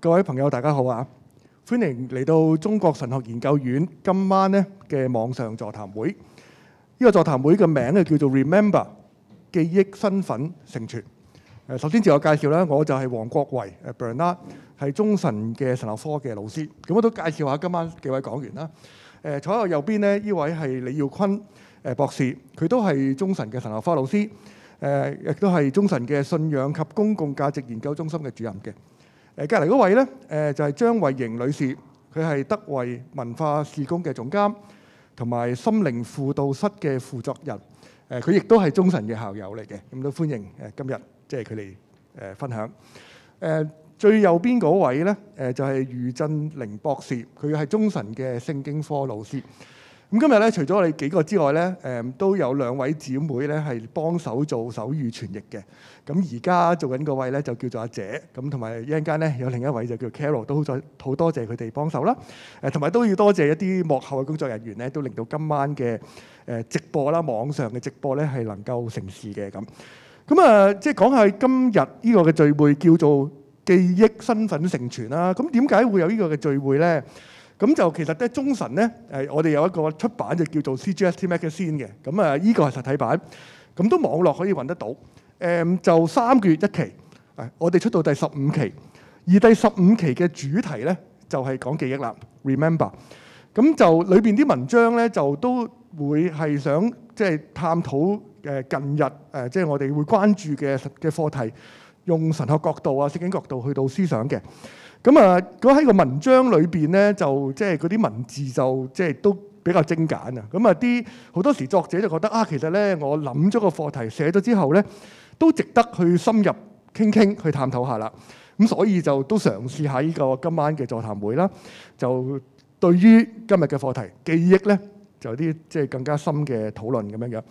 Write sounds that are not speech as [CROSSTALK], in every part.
各位朋友，大家好啊！歡迎嚟到中國神學研究院今晚咧嘅網上座談會。呢、這個座談會嘅名咧叫做 Remember 記憶身份成全。誒，首先自我介紹咧，我就係黃國維誒 Bernard，係忠神嘅神學科嘅老師。咁我都介紹下今晚幾位講員啦。坐喺我右邊呢，呢位係李耀坤誒博士，佢都係中神嘅神學科老師。誒，亦都係中神嘅信仰及公共價值研究中心嘅主任嘅。誒隔離嗰位咧，誒就係張慧嫈女士，佢係德慧文化事工嘅總監，同埋心靈輔導室嘅負責人。誒佢亦都係忠神嘅校友嚟嘅，咁都歡迎誒今日即係佢哋誒分享。誒最右邊嗰位咧，誒就係余振陵博士，佢係忠神嘅聖經科老師。咁今日咧，除咗我哋幾個之外咧，誒都有兩位姊妹咧係幫手做手語傳譯嘅。咁而家做緊個位咧就叫做阿姐，咁同埋一陣間咧有另一位就叫 Carol，都好在好多謝佢哋幫手啦。誒同埋都要多謝一啲幕後嘅工作人員咧，都令到今晚嘅誒直播啦、網上嘅直播咧係能夠成事嘅咁。咁啊，即係講下今日呢個嘅聚會叫做記憶身分傳承啦。咁點解會有呢個嘅聚會咧？咁就其實咧，中神咧，誒，我哋有一個出版就叫做 CGST Magazine 嘅，咁啊，依個係實體版，咁都網絡可以揾得到。誒、嗯，就三個月一期，誒，我哋出到第十五期，而第十五期嘅主題咧就係、是、講記憶啦，Remember。咁就裏邊啲文章咧就都會係想即係、就是、探討誒近日誒即係我哋會關注嘅嘅課題，用神學角度啊、聖經角度去到思想嘅。咁啊，佢喺個文章裏邊咧，就即係嗰啲文字就即係、就是、都比較精簡啊！咁啊，啲好多時作者就覺得啊，其實咧我諗咗個課題寫咗之後咧，都值得去深入傾傾，去探討下啦。咁所以就都嘗試喺呢個今晚嘅座談會啦。就對於今日嘅課題記憶咧，就有啲即係更加深嘅討論咁樣樣。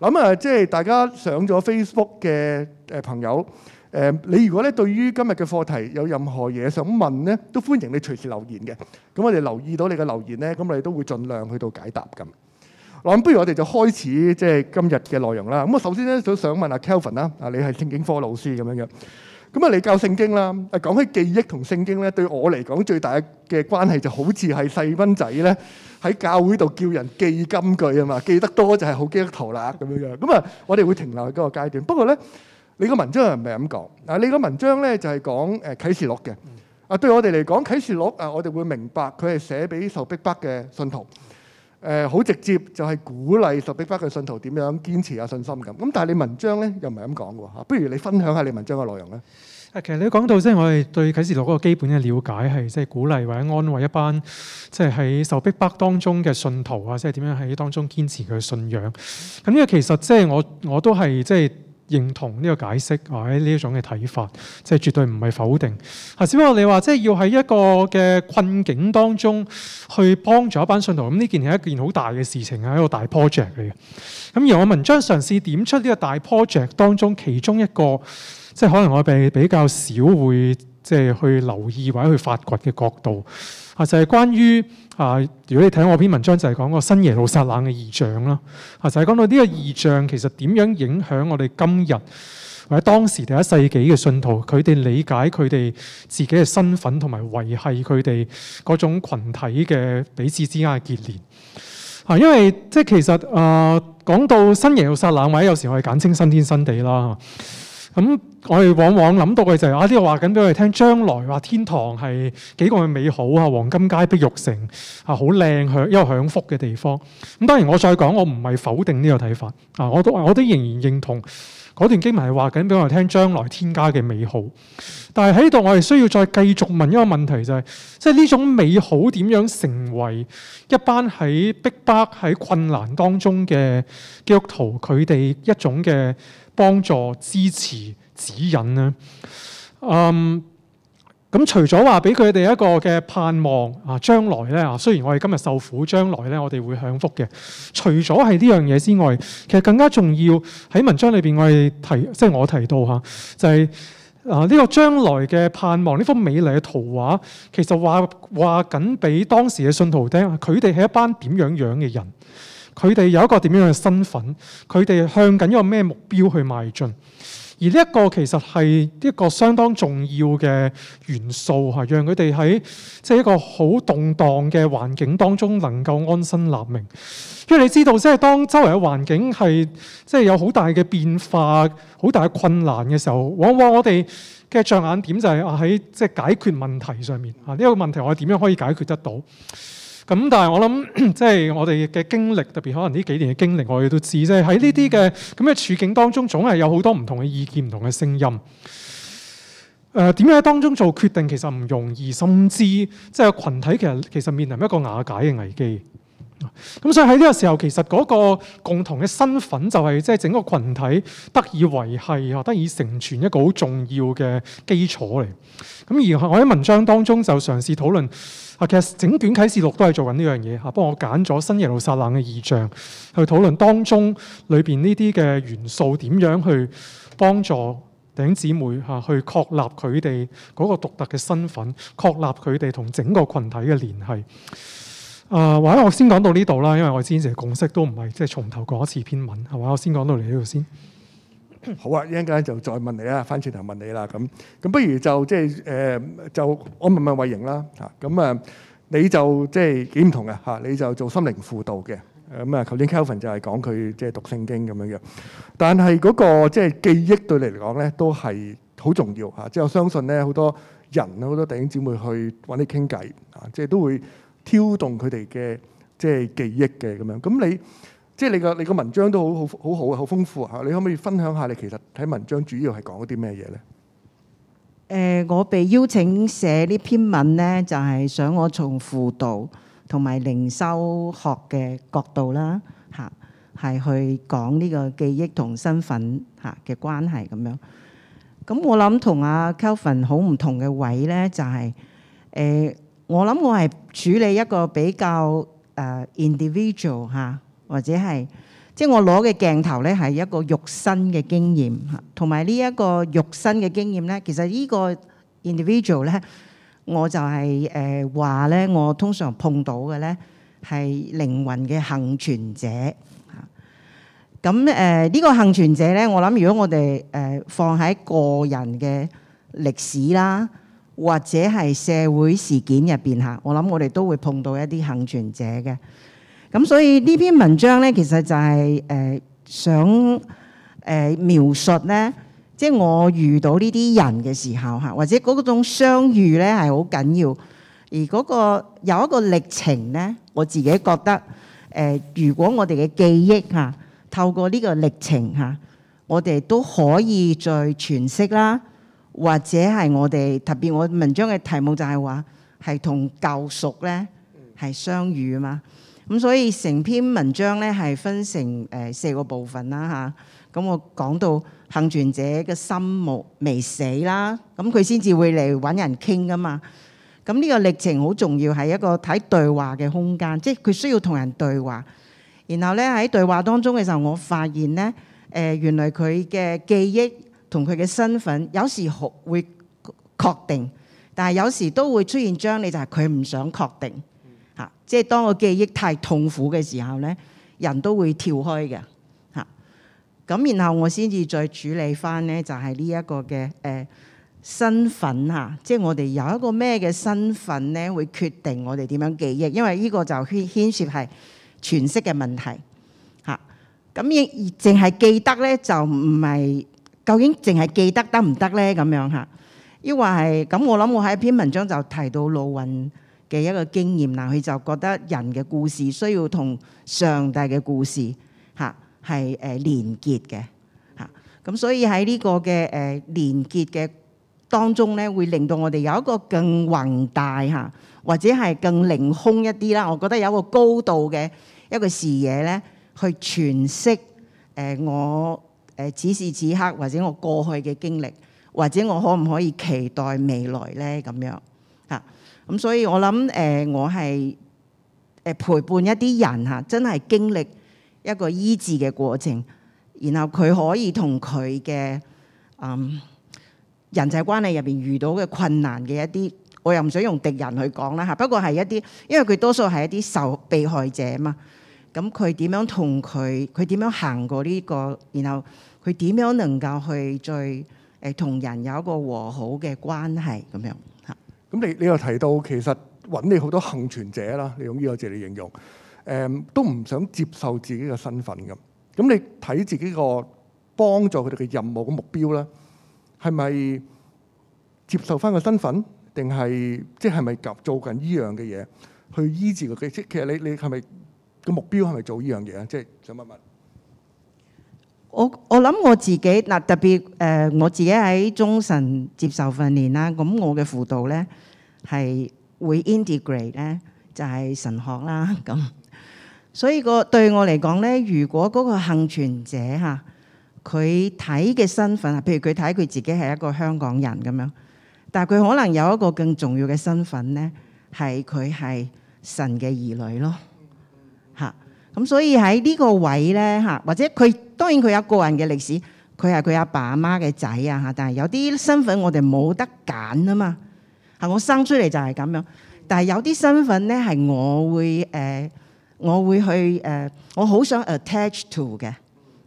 咁啊，即係大家上咗 Facebook 嘅誒朋友。誒、呃，你如果咧對於今日嘅課題有任何嘢想問咧，都歡迎你隨時留言嘅。咁我哋留意到你嘅留言咧，咁我哋都會盡量去到解答咁。嗱咁，不如我哋就開始即係今日嘅內容啦。咁我首先咧都想問阿 Kelvin 啦，啊你係聖經科老師咁樣樣。咁啊，你教聖經啦。啊講起記憶同聖經咧，對我嚟講最大嘅關係就好似係細蚊仔咧喺教會度叫人記金句啊嘛，記得多就係好記憶頭啦咁樣樣。咁啊，我哋會停留喺嗰個階段。不過咧。你個文章唔係咁講啊！你個文章咧就係講誒啟示錄嘅啊！對我哋嚟講，啟示錄啊，我哋會明白佢係寫俾受逼迫嘅信徒誒，好直接就係鼓勵受逼迫嘅信徒點樣堅持啊信心咁。咁但係你文章咧又唔係咁講喎嚇！不如你分享下你文章嘅內容咧？誒，其實你都講到即係我哋對啟示錄嗰個基本嘅瞭解係即係鼓勵或者安慰一班即係喺受逼迫當中嘅信徒啊，即係點樣喺當中堅持佢信仰。咁呢個其實即係我我都係即係。認同呢個解釋，或者呢一種嘅睇法，即係絕對唔係否定。只不過，你話即係要喺一個嘅困境當中去幫助一班信徒，咁呢件係一件好大嘅事情啊，係一個大 project 嚟嘅。咁而我文章嘗試點出呢個大 project 當中其中一個，即係可能我哋比較少會即係去留意或者去發掘嘅角度啊，就係、是、關於。啊！如果你睇我篇文章就係講個新耶路撒冷嘅異象啦，啊就係講到呢個異象其實點樣影響我哋今日或者當時第一世紀嘅信徒，佢哋理解佢哋自己嘅身份同埋維繫佢哋嗰種羣體嘅彼此之間嘅結連啊！因為即係其實啊，講到新耶路撒冷或者有時我哋簡稱新天新地啦。咁我哋往往諗到嘅就係、是、啊，呢度話緊俾我哋聽，將來話天堂係幾咁嘅美好啊，黃金街、碧玉城啊，好靚響一個享福嘅地方。咁當然我再講，我唔係否定呢個睇法啊，我都我都仍然認同嗰段經文係話緊俾我哋聽，將來天家嘅美好。但係喺度，我哋需要再繼續問一個問題、就是，就係即係呢種美好點樣成為一班喺逼迫，迫、喺困難當中嘅基督徒佢哋一種嘅。幫助、支持、指引呢，嗯，咁除咗話俾佢哋一個嘅盼望啊，將來呢，啊，雖然我哋今日受苦，將來呢我哋會享福嘅。除咗係呢樣嘢之外，其實更加重要喺文章裏邊，我哋提，即係我提到嚇，就係啊呢個將來嘅盼望，呢幅美麗嘅圖畫，其實話話緊俾當時嘅信徒聽，佢哋係一班點樣樣嘅人。佢哋有一個點樣嘅身份，佢哋向緊一個咩目標去邁進，而呢一個其實係一個相當重要嘅元素嚇，讓佢哋喺即係一個好動蕩嘅環境當中能夠安身立命。因為你知道，即係當周圍嘅環境係即係有好大嘅變化、好大嘅困難嘅時候，往往我哋嘅着眼點就係喺即係解決問題上面嚇，呢個、呢個問題我哋點樣可以解決得到？咁但係我諗，即係我哋嘅經歷，特別可能呢幾年嘅經歷，我哋都知即係喺呢啲嘅咁嘅處境當中，總係有好多唔同嘅意見、唔同嘅聲音。誒點樣當中做決定，其實唔容易，甚至即係群體其實其實面臨一個瓦解嘅危機。咁所以喺呢個時候，其實嗰個共同嘅身份，就係即係整個群體得以維係啊，得以成全一個好重要嘅基礎嚟。咁而我喺文章當中就嘗試討論。啊，其實整卷啟示錄都係做緊呢樣嘢，不過我揀咗新耶路撒冷嘅意象去討論，當中裏邊呢啲嘅元素點樣去幫助弟兄姊妹嚇，去確立佢哋嗰個獨特嘅身份，確立佢哋同整個群體嘅聯繫。啊、呃，或者我先講到呢度啦，因為我之前共識都唔係即係從頭講一次篇文，係嘛？我先講到嚟呢度先。好啊，一陣間就再問你啦，翻轉頭問你啦，咁咁不如就即係誒，就我問問慧嫈啦嚇，咁啊你就即係、就是、幾唔同嘅嚇、啊，你就做心靈輔導嘅，咁啊，頭先 Kelvin 就係講佢即係讀聖經咁樣嘅。但係嗰、那個即係、就是、記憶對你嚟講咧，都係好重要嚇、啊。即係我相信咧，好多人咧，好多弟兄姊妹去揾你傾偈嚇，即係都會挑動佢哋嘅即係記憶嘅咁樣。咁、啊、你？即係你個你個文章都好好好好啊，好豐富啊！你可唔可以分享下？你其實睇文章主要係講啲咩嘢咧？誒，我被邀請寫呢篇文咧，就係想我從輔導同埋靈修學嘅角度啦，吓係去講呢個記憶同身份吓嘅關係咁樣。咁我諗同阿 Kelvin 好唔同嘅位咧，就係誒，我諗我係處理一個比較誒 individual 吓。或者係即係我攞嘅鏡頭咧，係一個肉身嘅經驗嚇，同埋呢一個肉身嘅經驗咧，其實呢個 individual 咧，我就係誒話咧，我通常碰到嘅咧係靈魂嘅幸存者嚇。咁誒呢個幸存者咧，我諗如果我哋誒放喺個人嘅歷史啦，或者係社會事件入邊嚇，我諗我哋都會碰到一啲幸存者嘅。咁所以呢篇文章咧，其實就係、是、誒、呃、想誒、呃、描述咧，即係我遇到呢啲人嘅時候嚇，或者嗰種相遇咧係好緊要，而嗰、那個有一個歷程咧，我自己覺得誒、呃，如果我哋嘅記憶嚇、啊、透過呢個歷程嚇、啊，我哋都可以再詮釋啦，或者係我哋特別我文章嘅題目就係話係同救贖咧係相遇嘛。咁所以成篇文章是分成四個部分啦，吓，咁我講到幸存者的心未死啦，咁佢才會來找人傾偈嘛，咁呢個歷程好重要，是一個睇對話的空間，即係佢需要同人對話然後呢，在對話當中嘅時候，我發現呢，誒，原來佢的記憶和佢的身份有時會確定，但係有時都會出現張力，就是佢唔想確定嚇，即係當個記憶太痛苦嘅時候咧，人都會跳開嘅嚇。咁然後我先至再處理翻咧，就係呢一個嘅誒身份嚇。即係我哋有一個咩嘅身份咧，會決定我哋點樣記憶。因為呢個就牽牽涉係詮釋嘅問題嚇。咁亦淨係記得咧，就唔係究竟淨係記得得唔得咧？咁樣嚇，抑或係咁我諗我喺一篇文章就提到魯雲。嘅一個經驗啦，佢就覺得人嘅故事需要同上帝嘅故事嚇係誒連結嘅嚇，咁所以喺呢個嘅誒連結嘅當中咧，會令到我哋有一個更宏大嚇，或者係更凌空一啲啦。我覺得有一個高度嘅一個視野咧，去詮釋誒我誒此時此刻，或者我過去嘅經歷，或者我可唔可以期待未來咧咁樣？咁所以，我諗誒我係誒陪伴一啲人吓真係經歷一個醫治嘅過程，然後佢可以同佢嘅嗯人際關係入邊遇到嘅困難嘅一啲，我又唔想用敵人去講啦吓，不過係一啲，因為佢多數係一啲受被害者嘛，咁佢點樣同佢，佢點樣行過呢個，然後，佢點樣能夠去再誒同人有一個和好嘅關係咁樣。咁你你又提到其實揾你好多幸存者啦，你用呢個字嚟形容，誒都唔想接受自己嘅身份咁。咁你睇自己個幫助佢哋嘅任務嘅目標咧，係咪接受返個身份？定係即係咪夾做緊呢樣嘅嘢去醫治佢？即係其實你你係咪個目標係咪做呢樣嘢啊？即係想問問。我我諗我自己嗱特別誒、呃，我自己喺中神接受訓練啦，咁我嘅輔導咧係會 integrate 咧，就係神學啦咁。所以個對我嚟講咧，如果嗰個幸存者嚇佢睇嘅身份啊，譬如佢睇佢自己係一個香港人咁樣，但係佢可能有一個更重要嘅身份咧，係佢係神嘅兒女咯。咁所以喺呢個位咧嚇，或者佢，當然佢有個人嘅歷史，佢係佢阿爸阿媽嘅仔啊嚇。但係有啲身份我哋冇得揀啊嘛，係我生出嚟就係咁樣。但係有啲身份咧係我會誒，我會去誒，我好想 attach to 嘅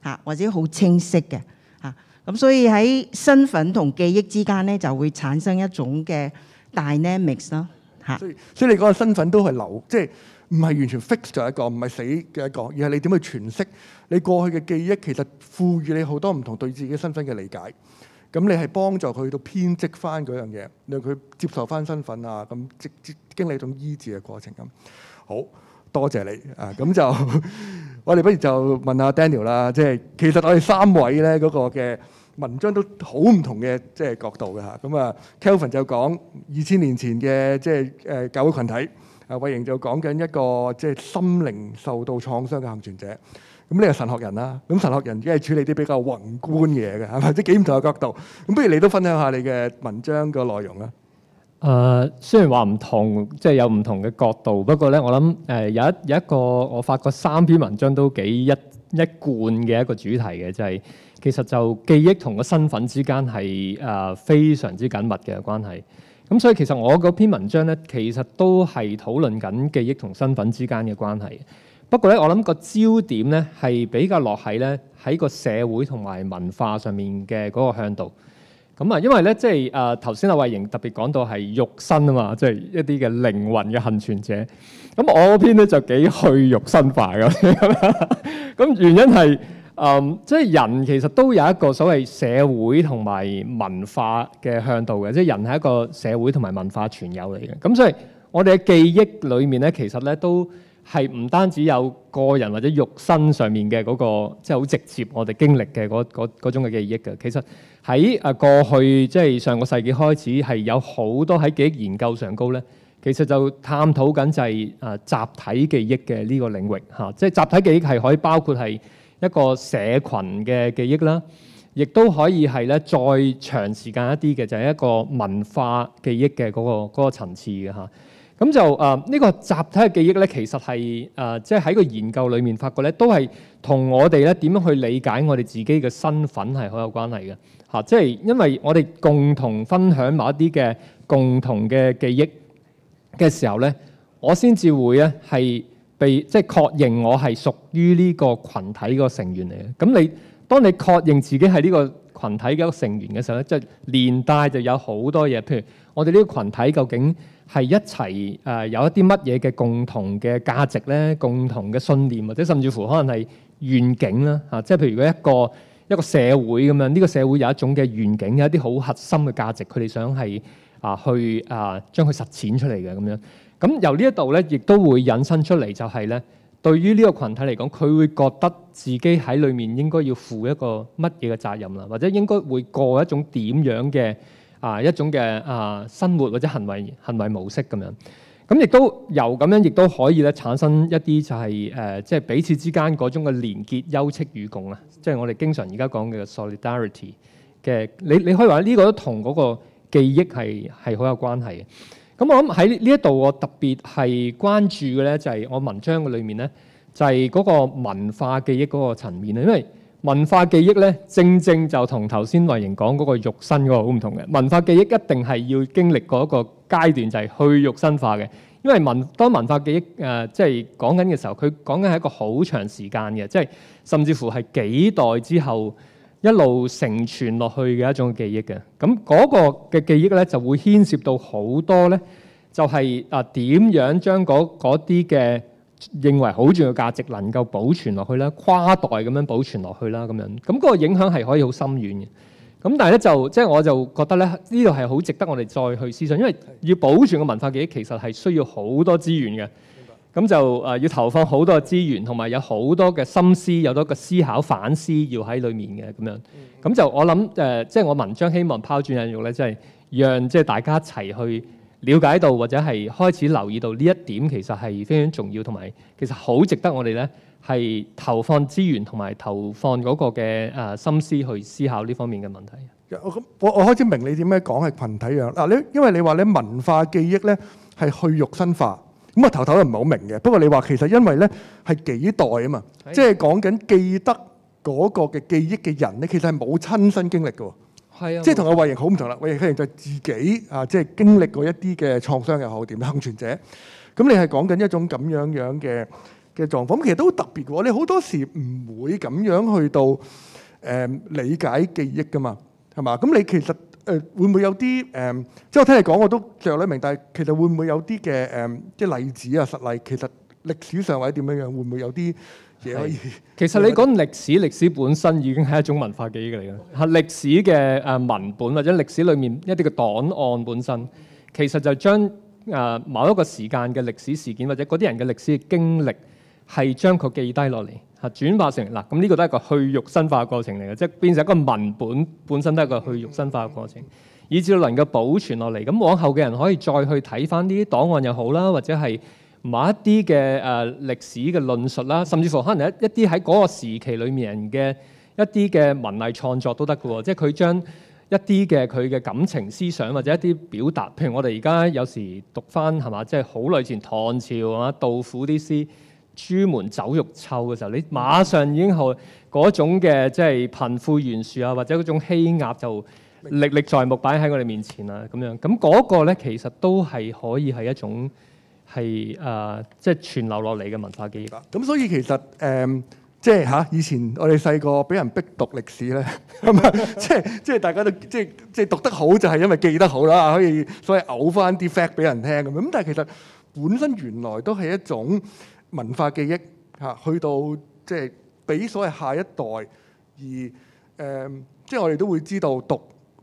嚇，或者好清晰嘅嚇。咁所以喺身份同記憶之間咧，就會產生一種嘅 dynamics 咯。 [MUSIC] 所以，所以你講嘅身份都係流，即係唔係完全 fix 咗一個，唔係死嘅一個，而係你點去詮釋你過去嘅記憶，其實賦予你好多唔同對自己身份嘅理解。咁你係幫助佢到編織翻嗰樣嘢，令佢接受翻身份啊，咁經經歷一種醫治嘅過程咁。好多謝，謝你 [LAUGHS] 啊！咁就我哋不如就問下 Daniel 啦，即係其實我哋三位咧嗰、那個嘅。文章都好唔同嘅，即係角度嘅嚇。咁啊，Kelvin 就講二千年前嘅即係誒教會群體，阿慧嫈就講緊一個即係心靈受到創傷嘅幸存者。咁呢個神學人啦，咁神學人只係處理啲比較宏觀嘢嘅，係咪即係幾唔同嘅角度？咁不如你都分享下你嘅文章嘅內容啊。誒，雖然話唔同，即係有唔同嘅角度，不過咧，我諗誒有一有一個我發覺三篇文章都幾一一貫嘅一個主題嘅，就係。其實就記憶同個身份之間係啊非常之緊密嘅關係，咁所以其實我嗰篇文章咧，其實都係討論緊記憶同身份之間嘅關係。不過咧，我諗個焦點咧係比較落喺咧喺個社會同埋文化上面嘅嗰個向度。咁啊，因為咧即係啊頭先阿慧嫈特別講到係肉身啊嘛，即係一啲嘅靈魂嘅幸存者。咁我嗰篇咧就幾去肉身化嘅。咁 [LAUGHS] 原因係。嗯、即係人其實都有一個所謂社會同埋文化嘅向度嘅，即係人係一個社會同埋文化傳有嚟嘅。咁所以，我哋嘅記憶裏面咧，其實咧都係唔單止有個人或者肉身上面嘅嗰、嗰個，即係好直接我哋經歷嘅嗰嗰嗰種嘅記憶嘅。其實喺誒過去，即係上個世紀開始，係有好多喺記憶研究上高咧，其實就探討緊就係誒集體記憶嘅呢個領域嚇。即係集體記憶係可以包括係。一個社群嘅記憶啦，亦都可以係咧再長時間一啲嘅，就係、係、一個文化記憶嘅嗰、嗰個嗰、嗰個、層次嘅嚇。咁就誒呢、啊呢個集體嘅記憶咧，其實係誒即係喺個研究裏面發覺咧，都係同我哋咧點樣去理解我哋自己嘅身份係好有關係嘅嚇。即、啊、係、即係、因為我哋共同分享某一啲嘅共同嘅記憶嘅時候咧，我先至會咧係。被即係、就是、確認我係屬於呢個群體個成員嚟嘅。咁你當你確認自己係呢個群體嘅成員嘅時候咧，即係連帶就有好多嘢。譬如我哋呢個群體究竟係一齊誒、呃、有一啲乜嘢嘅共同嘅價值咧？共同嘅信念或者甚至乎可能係願景啦嚇。即、啊、係譬如一個一個社會咁樣，呢、這個社會有一種嘅願景，有一啲好核心嘅價值，佢哋想係啊去啊將佢實踐出嚟嘅咁樣。咁由呢一度咧，亦都會引申出嚟，就係咧，對於呢個群體嚟講，佢會覺得自己喺裏面應該要負一個乜嘢嘅責任啦，或者應該會過一種點樣嘅啊一種嘅啊生活或者行為行為模式咁樣。咁亦都由咁樣，亦都可以咧產生一啲就係誒，即係彼此之間嗰種嘅連結、休戚與共啊，即係我哋經常而家講嘅 solidarity 嘅。你你可以話呢個都同嗰個記憶係係好有關係嘅。咁我諗喺呢一度，我特別係關注嘅咧，就係我文章嘅裏面咧，就係嗰個文化記憶嗰個層面啊。因為文化記憶咧，正正就同頭先慧嫈講嗰個肉身嗰個好唔同嘅文化記憶，一定係要經歷過一個階段，就係去肉身化嘅。因為文當文化記憶誒，即係講緊嘅時候，佢講緊係一個好長時間嘅，即係甚至乎係幾代之後。一路承傳落去嘅一種記憶嘅，咁嗰個嘅記憶咧就會牽涉到好多咧，就係啊，點樣將嗰啲嘅認為好重要嘅價值能夠保存落去啦，跨代咁樣保存落去啦，咁樣咁嗰個影響係可以好深遠嘅。咁但係咧就即係、就係、我就覺得咧呢度係好值得我哋再去思想，因為要保存個文化記憶其實係需要好多資源嘅。咁就誒要投放好多資源，同埋有好多嘅心思，有多個思考反思要喺裏面嘅咁樣。咁、嗯嗯、就我諗誒，即、呃、係、就是、我文章希望拋磚引玉咧，即、就、係、是、讓即係大家一齊去了解到，或者係開始留意到呢一點，其實係非常重要，同埋其實好值得我哋咧係投放資源，同埋投放嗰個嘅誒、呃、心思去思考呢方面嘅問題。我我我開始明你點樣講係群體樣嗱、啊，你因為你話你文化記憶咧係去肉身化。咁我頭頭又唔係好明嘅，不過你話其實因為咧係幾代啊嘛，是的即係講緊記得嗰個嘅記憶嘅人咧，其實係冇親身經歷嘅，係的啊，即係同阿慧嫈好唔同啦。慧嫈佢就自己啊，即係經歷過一啲嘅創傷又好點，幸存者。咁你係講緊一種咁樣樣嘅嘅狀況，咁其實都特別嘅喎。你好多時唔會咁樣去到誒、嗯、理解記憶噶嘛，係嘛？咁你其實。誒、呃、會唔會有啲誒、嗯，即係我聽你講，我都著解明。但係其實會唔會有啲嘅誒、即、嗯、係例子啊、實例，其實歷史上或者點樣樣，會唔會有啲嘢可以？其實你講歷史， [LAUGHS] 歷史本身已經係一種文化記憶嚟嘅。係歷史嘅誒文本或者歷史裡面一啲嘅檔案本身，其實就將誒某一個時間嘅歷史事件或者嗰啲人嘅歷史嘅經歷，係將佢記低落嚟。係轉化成嗱，咁呢個都係一個去肉身化嘅過程嚟嘅，即係變成一個文本本身都係一個去肉身化嘅過程，以至能夠保存落嚟。咁往後嘅人可以再去睇翻啲檔案又好啦，或者係某一啲嘅誒歷史嘅論述啦，甚至乎可能一一啲喺嗰個時期裏面人嘅一啲嘅文藝創作都得㗎喎，即係佢將一啲嘅佢嘅感情思想或者一啲表達，譬如我哋而家有時讀翻係嘛，即係好耐以前唐朝啊，杜甫啲詩。朱門酒肉臭嘅時候，你馬上已經好嗰種嘅即係貧富懸殊啊，或者嗰種欺壓就歷歷在目擺喺我哋面前啦咁樣。咁、那、嗰個咧其實都係可以係一種係啊，即、呃、係、就是、傳流落嚟嘅文化記憶啊。咁、嗯、所以其實誒、嗯，即係嚇以前我哋細個俾人逼讀歷史咧，咁啊、 [LAUGHS] [LAUGHS] 就是，即係即係大家都即係即係讀得好就係因為記得好啦，可以所謂嘔翻啲 fact 俾人聽咁樣。咁但係其實本身原來都係一種。文化記憶嚇，去到即係俾所謂下一代，而誒、嗯、即係我哋都會知道讀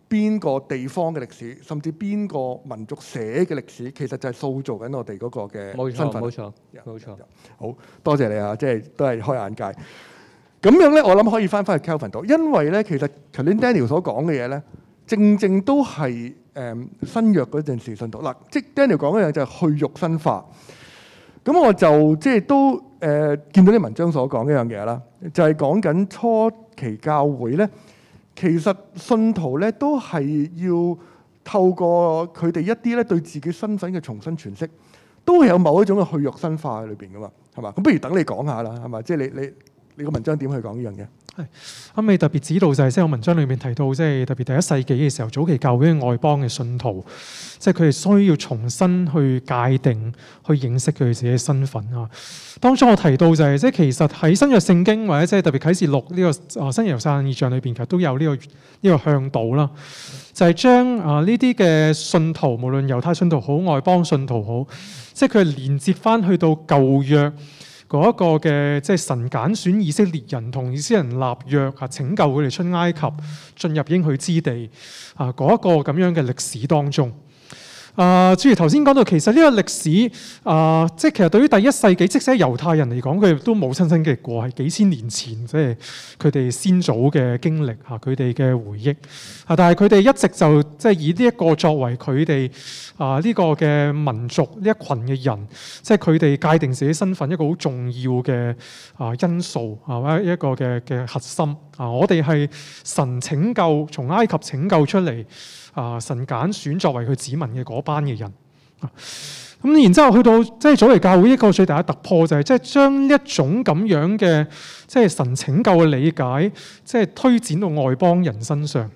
邊個地方嘅歷史，甚至邊個民族寫嘅歷史，其實就係塑造緊我哋嗰個嘅身份。冇錯，冇對錯，對錯對好多謝，謝你啊！即係都係開眼界。咁樣咧，我諗可以翻返去 Kelvin 度，因為咧其實頭先 Daniel 所講嘅嘢咧，正正都係誒、嗯、新約嗰陣時信徒嗱，即 Daniel 講嘅嘢就係去肉身化，咁我就即係都誒、呃、見到啲文章所講一樣嘢啦，就係講緊初期教會咧，其實信徒咧都係要透過佢哋一啲咧對自己身分嘅重新詮釋，都係有某一種嘅去弱生化喺裏邊噶嘛，係嘛？咁不如等你講下啦，係嘛？即、就、係、是、你你你個文章點去講呢樣嘢？咁你特別指導就係，即係我文章裏面提到，即係特別第一世紀嘅時候，早期教會嘅外邦嘅信徒，即係佢哋需要重新去界定、去認識佢哋自己嘅身份啊。當中我提到就係，即係其實喺新約聖經或者即係特別啟示錄呢個啊新約猶太人意象裏邊，其實都有呢個呢個向導啦。就係將啊呢啲嘅信徒，無論猶太信徒好、外邦信徒好，即係佢哋連接翻去到舊約。嗰一個嘅即係神揀選以色列人，同以色列人立約啊，拯救佢哋出埃及，進入應許之地啊，嗰一個噉樣嘅歷史當中。啊，正如頭先講到，其實呢個歷史啊，即係其實對於第一世紀，即使係猶太人嚟講，佢哋都冇親身經歷過，係幾千年前，即係佢哋先祖嘅經歷吓，佢哋嘅回憶吓、啊。但係佢哋一直就即係以呢一個作為佢哋啊呢、這個嘅民族呢一群嘅人，即係佢哋界定自己身份一個好重要嘅啊因素啊，一一個嘅嘅核心啊。我哋係神拯救，從埃及拯救出嚟。啊！神揀選作為佢子民嘅嗰班嘅人，咁、啊、然之後去到即係早期教會一個最大嘅突破就係即係將一種咁樣嘅即係神拯救嘅理解，即係推展到外邦人身上。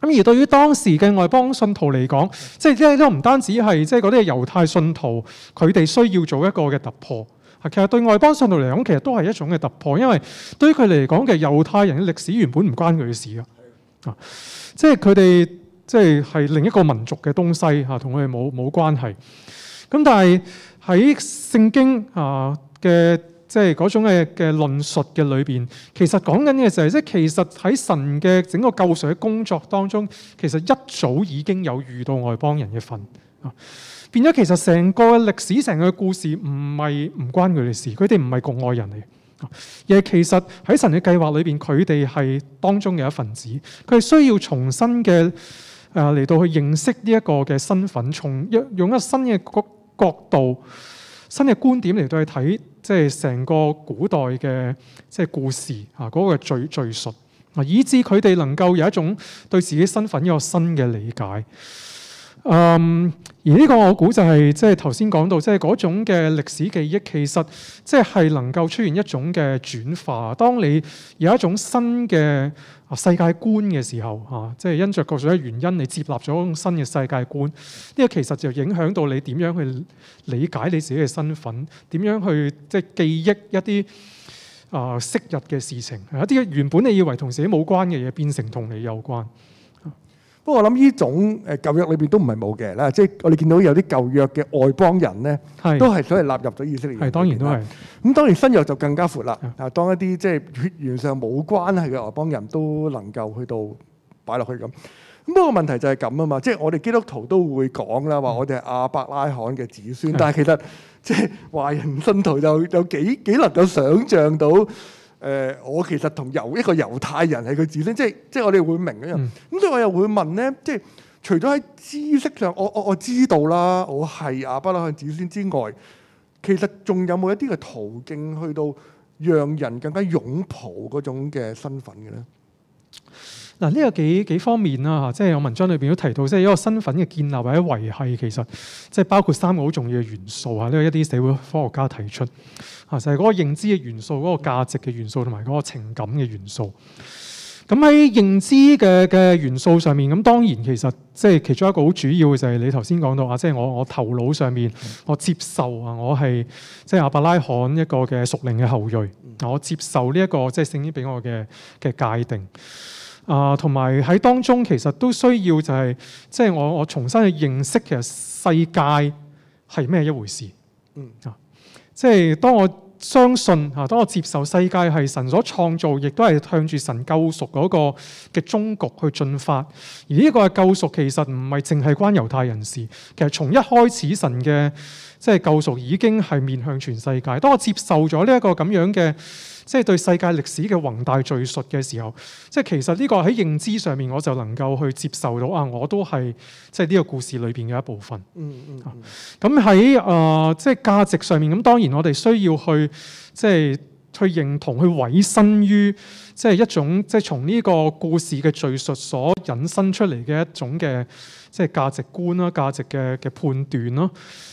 咁、啊、而對於當時嘅外邦信徒嚟講，嗯、即係即係都唔單止係即係嗰啲猶太信徒，佢哋需要做一個嘅突破、啊。其實對外邦信徒嚟講，其實都係一種嘅突破，因為對於佢嚟講嘅猶太人嘅歷史原本唔關佢嘅事啊，即係佢哋。即係另一個民族嘅東西嚇，同佢哋冇冇關係。咁但係喺聖經啊嘅即係嗰種嘅嘅論述嘅裏邊，其實講緊嘅就係即係其實喺神嘅整個救贖工作當中，其實一早已經有遇到外邦人嘅份啊！變咗其實成個歷史成個故事唔係唔關佢哋事，佢哋唔係局外人嚟嘅。而係其實喺神嘅計劃裏邊，佢哋係當中嘅一份子，佢係需要重新嘅。誒嚟到去認識呢一個嘅身份，從一用一個新嘅角角度、新嘅觀點嚟到去睇，即係成個古代嘅即係故事啊，嗰個敘敘述，以致佢哋能夠有一種對自己身份一個新嘅理解。嗯，而呢個我估就係即係頭先講到，即係嗰種嘅歷史記憶，其實即係能夠出現一種嘅轉化。當你有一種新嘅世界觀嘅時候，嚇，即係因着各種原因，你接納咗一種新嘅世界觀，呢個其實就影響到你點樣去理解你自己嘅身份，點樣去即係記憶一啲啊昔日嘅事情，一啲原本你以為同自己冇關嘅嘢，變成同你有關。不過我諗呢種誒舊約裏邊都唔係冇嘅啦，即係我哋見到有啲舊約嘅外邦人咧，都係所謂納入咗以色列嘅。係當然都係。咁當然新約就更加闊啦，啊當一啲即係血緣上冇關係嘅外邦人都能夠去到擺落去咁。咁不過問題就係咁啊嘛，即係我哋基督徒都會講啦，話我哋係亞伯拉罕嘅子孫，但係其實即係華人信徒就有幾幾能夠想像到。誒、呃，我其實同猶一個猶太人係佢子孫，即係即係我哋會明咁樣。咁所以我又會問咧，即係除咗喺知識上，我我我知道啦，我係亞伯拉罕子孫之外，其實仲有冇一啲嘅途徑去到讓人更加擁抱嗰種嘅身份嘅咧？嗱，呢個幾幾方面啦、啊、嚇，即、就、係、是、我文章裏邊都提到，即、就、係、是、一個身份嘅建立或者維繫，其實即係包括三個好重要嘅元素啊。呢、就是、一啲社會科學家提出啊，就係、是、嗰個認知嘅元素、嗰、那個價值嘅元素同埋嗰個情感嘅元素。咁喺認知嘅嘅元素上面，咁當然其實即係、就是、其中一個好主要嘅就係你頭先講到啊，即、就、係、是、我我頭腦上面、嗯、我接受啊，我係即係亞伯拉罕一個嘅屬靈嘅後裔，我接受呢、這、一個即係聖經俾我嘅嘅界定。啊，同埋喺當中其實都需要就係，即係我我重新去認識其實世界係咩一回事。嗯，即係當我相信啊，當我接受世界係神所創造，亦都係向住神救贖嗰個嘅終局去進發。而呢個嘅救贖其實唔只係，其實唔係淨係關猶太人事。其實從一開始神嘅即係救贖已經係面向全世界。當我接受咗呢一個咁樣嘅即係對世界歷史嘅宏大敘述嘅時候，即係其實呢個喺認知上面我就能夠去接受到啊！我都係即係呢個故事裏邊嘅一部分。嗯，嗯嗯。咁喺啊，呃、即係價值上面，咁當然我哋需要去即係去認同、去委身於即係一種即係從呢個故事嘅敘述所引申出嚟嘅一種嘅即係價值觀啦、價值嘅嘅判斷囉。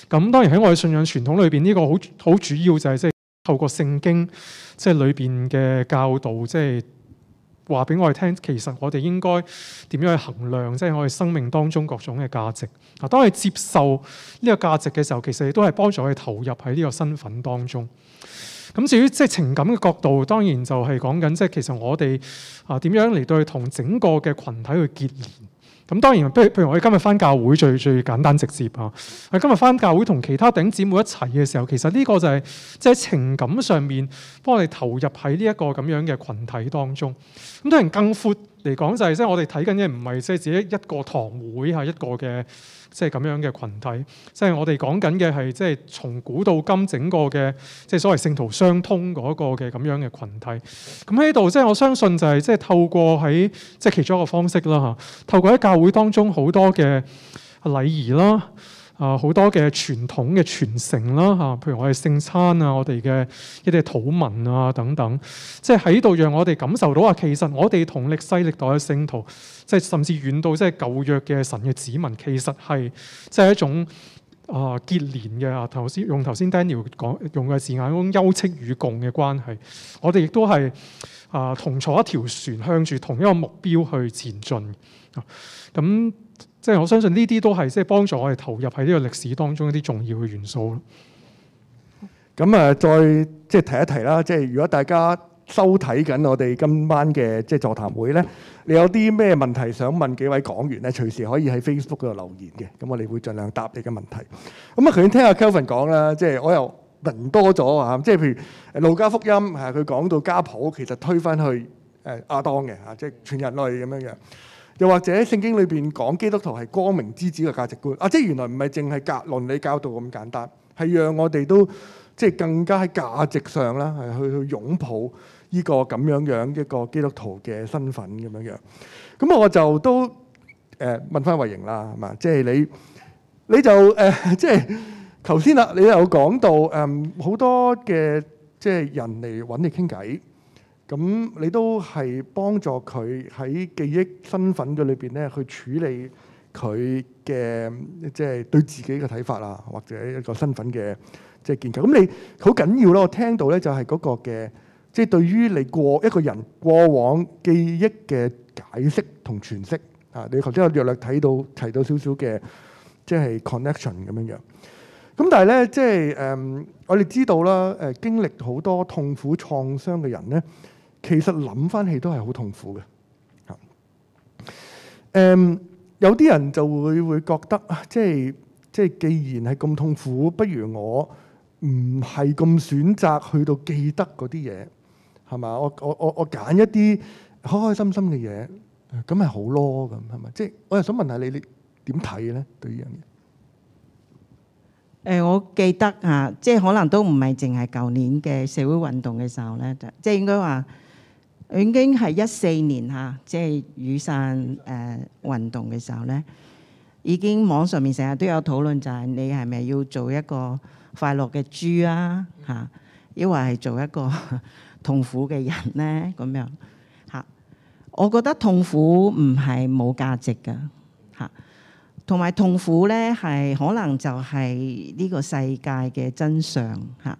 咁當然喺我哋信仰傳統裏邊，呢、這個好好主要就係、是、即係。透過聖經，即係裏邊嘅教導，即係話俾我哋聽，其實我哋應該點樣去衡量，即係我哋生命當中各種嘅價值。嗱，當我哋接受呢個價值嘅時候，其實亦都係幫助我哋投入喺呢個身份當中。咁至於即係情感嘅角度，當然就係講緊即係其實我哋啊點樣嚟對同整個嘅群體去結連。咁當然，譬如譬如我哋今日返教會最最簡單直接啊，我今日返教會同其他頂姊妹一齊嘅時候，其實呢個就係即係情感上面幫我哋投入喺呢一個咁樣嘅群體當中。咁當然，更闊，嚟講就係即係我哋睇緊嘅唔係即係自己一個堂會係一個嘅即係咁樣嘅群體，即係我哋講緊嘅係即係從古到今整個嘅即係所謂聖徒相通嗰個嘅咁樣嘅群體。咁喺度即係我相信就係即係透過喺即係其中一個方式啦嚇，透過喺教會當中好多嘅禮儀啦。啊，好多嘅傳統嘅傳承啦，嚇，譬如我哋聖餐啊，我哋嘅一啲土民啊等等，即係喺度讓我哋感受到啊，其實我哋同歷世歷代嘅聖徒，即係甚至遠到即係舊約嘅神嘅子民，其實係即係一種啊結連嘅啊，頭先用頭先 Daniel 講用嘅字眼，嗰種休戚與共嘅關係。我哋亦都係啊同坐一條船，向住同一個目標去前進。咁、啊。嗯即係我相信呢啲都係即係幫助我哋投入喺呢個歷史當中一啲重要嘅元素咯。咁啊，再即係提一提啦，即係如果大家收睇緊我哋今晚嘅即係座談會咧，你有啲咩問題想問幾位講員咧，隨時可以喺 Facebook 嗰度留言嘅。咁我哋會盡量答你嘅問題。咁啊，頭先聽阿 Kelvin 講啦，即係我又聞多咗啊，即係譬如《路加福音》啊，佢講到家譜其實推返去誒亞當嘅啊，即係全人類咁樣樣。又或者喺聖經裏邊講基督徒係光明之子嘅價值觀，啊，即係原來唔係淨係格倫理教導咁簡單，係讓我哋都即係更加喺價值上啦，係去去擁抱呢個咁樣樣一個基督徒嘅身份咁樣樣。咁我就都誒、呃、問翻慧嫈啦，係嘛？即係你你就誒、呃、即係頭先啦，你有講到誒好、嗯、多嘅即係人嚟揾你傾偈。找咁你都係幫助佢喺記憶身份嘅裏邊咧，去處理佢嘅即係對自己嘅睇法啊，或者一個身份嘅即係見解。咁你好緊要咯！我聽到咧就係嗰個嘅，即係對於你過一個人過往記憶嘅解釋同傳釋啊！你頭先有略略睇到提到少少嘅，即係 connection 咁樣樣。咁但係咧，即係誒，我哋知道啦，誒經歷好多痛苦創傷嘅人咧。其實諗翻起都係好痛苦嘅，誒，有啲人就會會覺得，即係即係，既然係咁痛苦，不如我唔係咁選擇去到記得嗰啲嘢，係嘛？我我我我揀一啲開開心心嘅嘢，咁係好咯，咁係咪？即係我又想問下你，你點睇咧？對呢樣嘢？誒、呃，我記得吓，即係可能都唔係淨係舊年嘅社會運動嘅時候咧，即係應該話。已經係一四年嚇，即係雨傘誒運動嘅時候咧，已經網上面成日都有討論，就係你係咪要做一個快樂嘅豬啊？嚇，抑或係做一個痛苦嘅人咧？咁樣嚇，我覺得痛苦唔係冇價值㗎嚇，同埋痛苦咧，係可能就係呢個世界嘅真相嚇，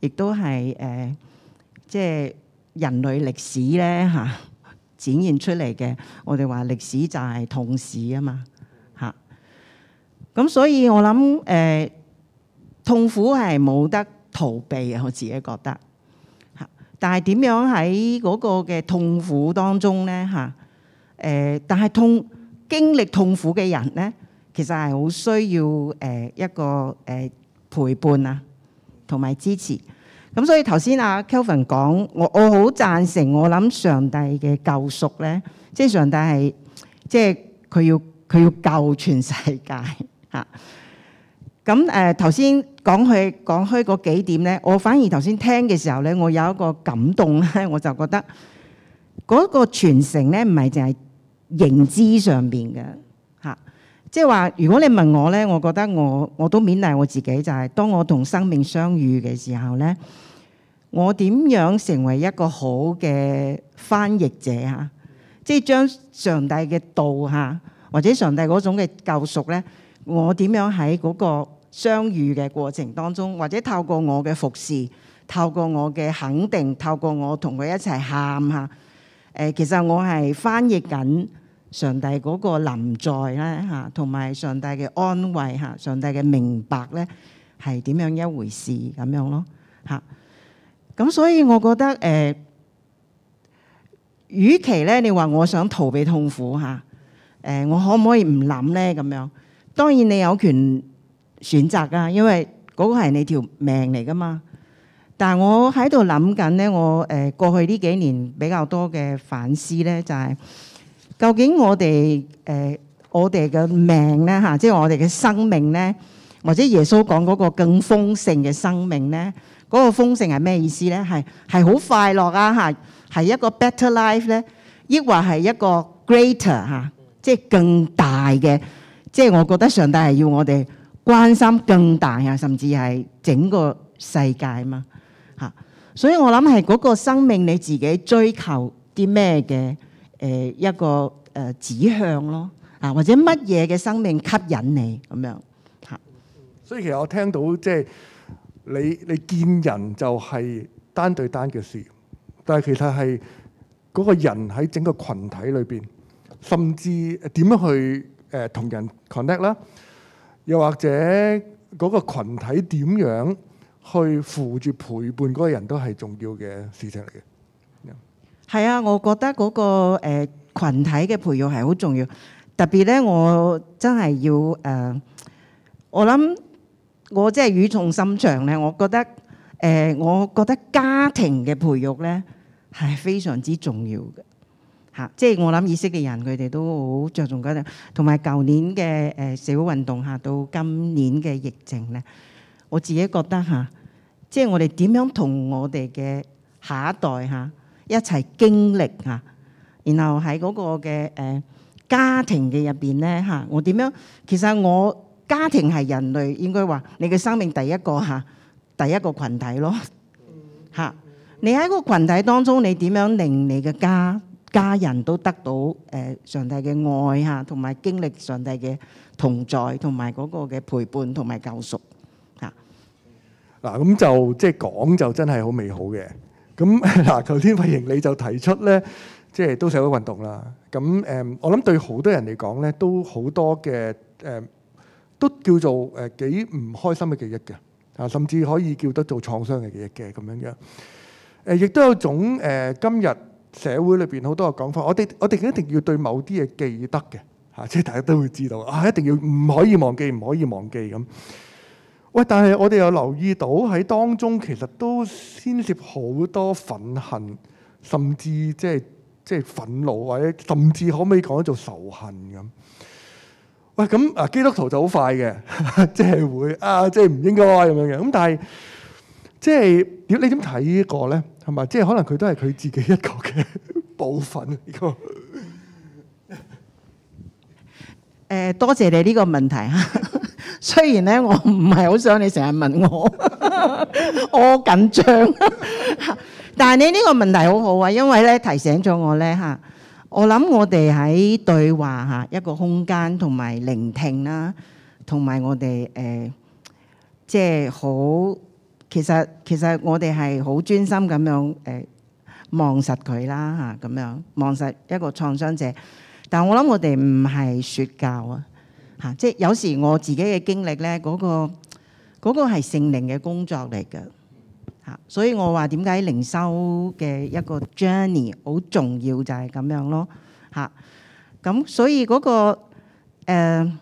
亦都係誒、呃、即係。人類歷史咧嚇、啊，展現出嚟嘅，我哋話歷史就係痛史嘛啊嘛嚇。咁所以我諗誒、呃，痛苦係冇得逃避嘅，我自己覺得嚇、啊。但係點樣喺嗰個嘅痛苦當中咧嚇？誒、啊，但係痛經歷痛苦嘅人咧，其實係好需要誒一個誒陪伴啊，同埋支持。咁所以頭先阿 Kelvin 講，我我好贊成，我諗上帝嘅救贖咧，即係上帝係即係佢要佢要救全世界嚇。咁誒頭先講佢講開嗰幾點咧，我反而頭先聽嘅時候咧，我有一個感動咧，我就覺得嗰個傳承咧唔係淨係認知上邊嘅。即係話，如果你問我咧，我覺得我我都勉勵我自己，就係、是、當我同生命相遇嘅時候咧，我點樣成為一個好嘅翻譯者啊？即係將上帝嘅道嚇，或者上帝嗰種嘅救贖咧，我點樣喺嗰個相遇嘅過程當中，或者透過我嘅服侍，透過我嘅肯定，透過我同佢一齊喊嚇，誒，其實我係翻譯緊。上帝嗰個臨在咧嚇，同埋上帝嘅安慰嚇，上帝嘅明白咧係點樣一回事咁樣咯嚇。咁所以我覺得誒，呃，與其咧你話我想逃避痛苦嚇，誒，呃，我可唔可以唔諗咧咁樣？當然你有權選擇㗎，因為嗰個係你條命嚟㗎嘛。但係我喺度諗緊咧，我誒過去呢幾年比較多嘅反思咧，就係。究竟我哋誒、呃、我哋嘅命咧嚇、啊，即係我哋嘅生命咧，或者耶穌講嗰個更豐盛嘅生命咧，嗰、嗰個豐盛係咩意思咧？係係好快樂啊嚇，係一個 better life 咧、啊，亦或係一個 greater 嚇、啊，即係更大嘅，即係我覺得上帝係要我哋關心更大啊，甚至係整個世界嘛嚇、啊。所以我諗係嗰個生命你自己追求啲咩嘅？誒一個誒指向咯，啊，或者乜嘢嘅生命吸引你咁樣吓。所以其實我聽到，即係你你見人就係單對單嘅事，但係其實係嗰個人喺整個群體裏邊，甚至點樣去誒同人 connect 啦，又或者嗰個羣體點樣去扶住陪伴嗰個人都係重要嘅事情嚟嘅。係啊，我覺得嗰、那個、呃、群羣體嘅培育係好重要，特別咧。我真係要誒、呃，我諗我即係語重心長咧。我覺得誒、呃，我覺得家庭嘅培育咧係非常之重要嘅嚇。即、啊、係、就是、我諗，意識嘅人佢哋都好着重嗰啲，同埋舊年嘅誒社會運動下、啊、到今年嘅疫情咧。我自己覺得嚇，即、啊、係、就是、我哋點樣同我哋嘅下一代嚇。啊一齊經歷啊，然後喺嗰個嘅誒家庭嘅入邊咧吓，我點樣？其實我家庭係人類應該話你嘅生命第一個吓，第一個群體咯吓。嗯嗯、你喺個群體當中，你點樣令你嘅家家人都得到誒上帝嘅愛吓，同埋經歷上帝嘅同在，同埋嗰個嘅陪伴同埋救贖吓。嗱咁、嗯、就即係講就真係好美好嘅。咁嗱，頭先慧嫈你就提出咧，即係都市社會運動啦。咁誒，我諗對好多人嚟講咧，都好多嘅誒，都叫做誒幾唔開心嘅記憶嘅，啊，甚至可以叫得做創傷嘅記憶嘅咁樣樣。誒，亦都有種誒，今日社會裏邊好多嘅講法，我哋我哋一定要對某啲嘢記得嘅，嚇，即係大家都會知道啊，一定要唔可以忘記，唔可以忘記咁。喂，但係我哋又留意到喺當中，其實都牽涉好多憤恨，甚至即係即係憤怒，或者甚至可唔可以講做仇恨咁？喂，咁啊基督徒就好快嘅，即係會啊，即係唔應該咁樣嘅。咁但係即係你點睇呢個咧？係咪？即係可能佢都係佢自己一個嘅部分呢個？誒，多謝你呢個問題嚇。雖然咧，我唔係好想你成日問，我， [LAUGHS] 我，很緊 [LAUGHS] 問很我，我緊張。但係你呢個問題好好啊，因為咧提醒咗我咧嚇，我諗我哋喺對話嚇一個空間同埋聆聽啦，同埋我哋誒、呃、即係好其實其實我哋係好專心咁樣誒望實佢啦嚇咁樣望實一個創傷者，但我諗我哋唔係説教啊。嚇！即係有時我自己嘅經歷咧，嗰個嗰個係聖靈嘅工作嚟嘅嚇，所以我話點解靈修嘅一個 journey 好重要就係咁樣咯嚇。咁所以嗰個誒，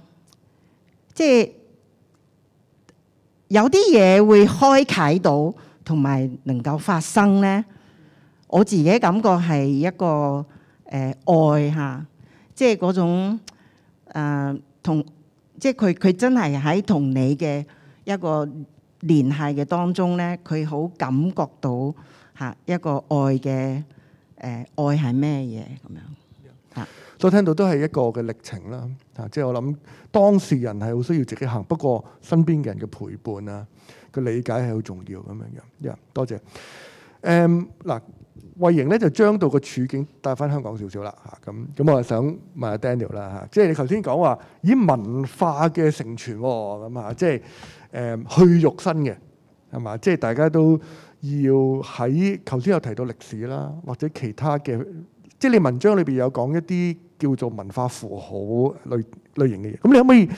即係有啲嘢會開啓到，同埋能夠發生咧。我自己感覺係一個誒愛嚇，即係嗰種誒。同即係佢佢真係喺同你嘅一個聯繫嘅當中咧，佢好感覺到嚇一個愛嘅誒愛係咩嘢咁樣嚇。所以聽到都係一個嘅歷程啦嚇，即係、mm hmm. 啊就是、我諗當事人係好需要自己行，不過身邊嘅人嘅陪伴啊，個理解係好重要咁樣樣。Mm hmm. yeah. 多謝誒嗱。Um, 慧嫈咧就將到個處境帶翻香港少少啦嚇，咁咁我係想問下 Daniel 啦嚇，即係你頭先講話以文化嘅承傳咁啊，即係誒去肉身嘅係嘛，即係大家都要喺頭先有提到歷史啦，或者其他嘅，即係你文章裏邊有講一啲叫做文化符號類類型嘅嘢，咁你可唔可以？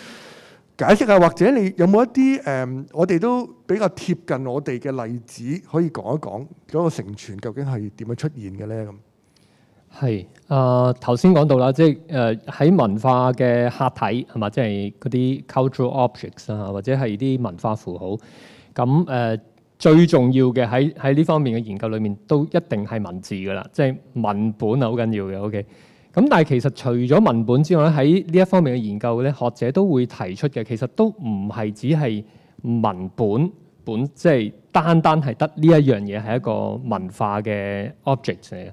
解釋啊，或者你有冇一啲誒，我哋都比較貼近我哋嘅例子，可以講一講嗰、那個成全究竟係點樣出現嘅咧？咁係啊，頭先講到啦，即係誒喺文化嘅客體係嘛，即係嗰啲 cultural objects 啊，或者係啲文化符號。咁誒、呃、最重要嘅喺喺呢方面嘅研究裏面，都一定係文字㗎啦，即、就、係、是、文本係好緊要嘅。O K。咁但係其實除咗文本之外咧，喺呢一方面嘅研究咧，學者都會提出嘅，其實都唔係只係文本本，即係單單係得呢一樣嘢係一個文化嘅 object 嚟嘅。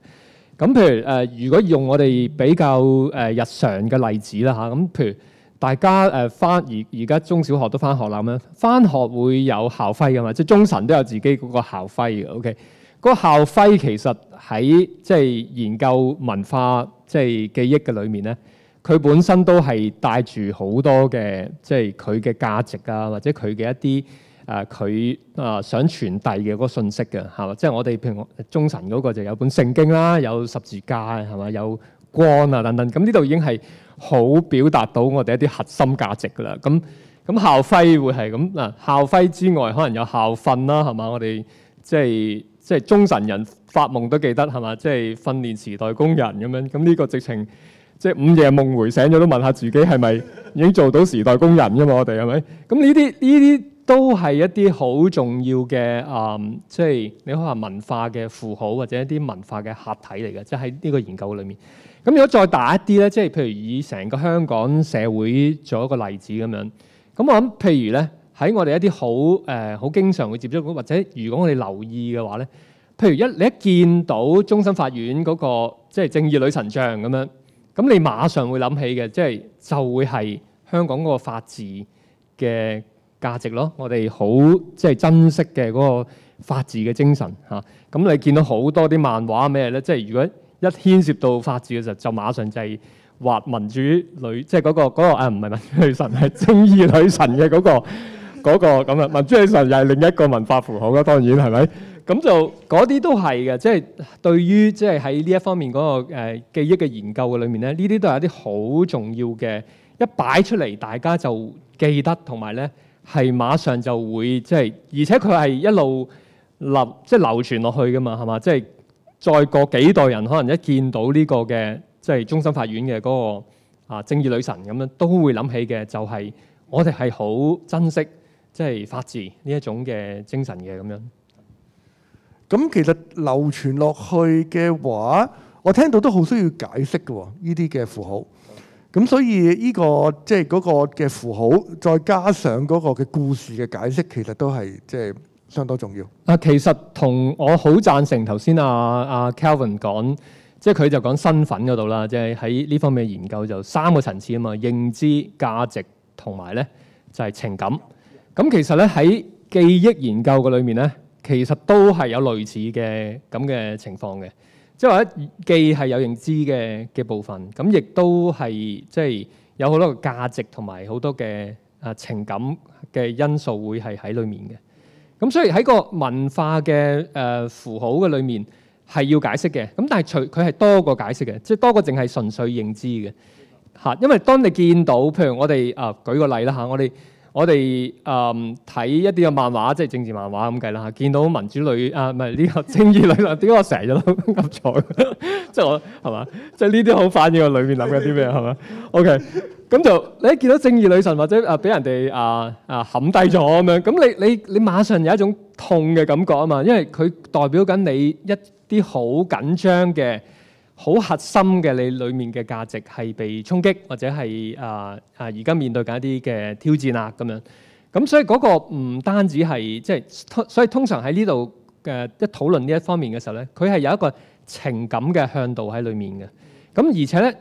咁譬如誒、呃，如果用我哋比較誒日常嘅例子啦吓，咁譬如大家誒返而而家中小學都返學啦咁樣，返學會有校徽㗎嘛，即係中神都有自己嗰個校徽嘅。OK，個校徽其實喺即係研究文化。即係記憶嘅裏面咧，佢本身都係帶住好多嘅，即係佢嘅價值啊，或者佢嘅一啲啊，佢、呃、啊、呃、想傳遞嘅嗰個信息嘅，係嘛？即係我哋譬如中神嗰個就有本聖經啦，有十字架係嘛？有光啊等等。咁呢度已經係好表達到我哋一啲核心價值噶啦。咁咁校徽會係咁嗱，校徽之外可能有校訓啦，係嘛？我哋即係即係中神人。發夢都記得係嘛？即係、就是、訓練時代工人咁樣，咁呢個直情即係午夜夢回醒咗都問下自己係咪已經做到時代工人？因為我哋係咪？咁呢啲呢啲都係一啲好重要嘅啊！即、嗯、係、就是、你可能文化嘅符號或者一啲文化嘅客體嚟嘅，即係喺呢個研究裏面。咁如果再大一啲咧，即、就、係、是、譬如以成個香港社會做一個例子咁樣。咁我諗譬如咧，喺我哋一啲好誒好經常會接觸，或者如果我哋留意嘅話咧。譬如一你一見到終審法院嗰、那個即係、就是、正義女神像咁樣，咁你馬上會諗起嘅，即係就會、是、係香港嗰個法治嘅價值咯。我哋好即係珍惜嘅嗰個法治嘅精神吓。咁、啊、你見到好多啲漫畫咩咧？即、就、係、是、如果一牽涉到法治嘅時候，就馬上就係畫民主女，即係嗰個嗰、那個唔係、啊、民主女神係正義女神嘅嗰、那個嗰、那個咁啊、那個！民主女神又係另一個文化符號啦，當然係咪？咁就嗰啲都係嘅，即係對於即係喺呢一方面嗰個誒記憶嘅研究嘅裏面咧，呢啲都係一啲好重要嘅一擺出嚟，大家就記得同埋咧係馬上就會即係，而且佢係一路流即係流傳落去嘅嘛，係嘛？即係再過幾代人，可能一見到呢個嘅即係中心法院嘅嗰個啊正義女神咁樣，都會諗起嘅，就係我哋係好珍惜即係法治呢一種嘅精神嘅咁樣。咁其實流傳落去嘅話，我聽到都好需要解釋嘅喎。呢啲嘅符號，咁所以呢個即係嗰個嘅符號，再加上嗰個嘅故事嘅解釋，其實都係即係相當重要剛剛啊。其實同我好贊成頭先啊啊 Kelvin 講，即係佢就講、是、身份嗰度啦，即係喺呢方面研究就三個層次啊嘛，認知、價值同埋咧就係、是、情感。咁其實咧喺記憶研究嘅裏面咧。其實都係有類似嘅咁嘅情況嘅，即係話既係有認知嘅嘅部分，咁亦都係即係有好多個價值同埋好多嘅啊情感嘅因素會係喺裏面嘅。咁所以喺個文化嘅誒符號嘅裏面係要解釋嘅。咁但係除佢係多個解釋嘅，即係多過淨係純粹認知嘅嚇。因為當你見到譬如我哋啊舉個例啦嚇，我哋。我哋誒睇一啲嘅漫畫，即係政治漫畫咁計啦嚇，見到民主女啊，唔係呢個正義女神，點解我成日都噏錯？即係 [LAUGHS] [LAUGHS] 我係嘛？即係呢啲好反應我裏面諗緊啲咩係嘛？O K，咁就你一見到正義女神或者誒俾人哋啊啊冚低咗咁樣，咁你你你馬上有一種痛嘅感覺啊嘛，因為佢代表緊你一啲好緊張嘅。好核心嘅，你裡面嘅價值係被衝擊，或者係啊啊而家面對緊一啲嘅挑戰啊咁樣咁，所以嗰個唔單止係即係，所以通常喺呢度嘅一討論呢一方面嘅時候咧，佢係有一個情感嘅向度喺裡面嘅。咁而且咧，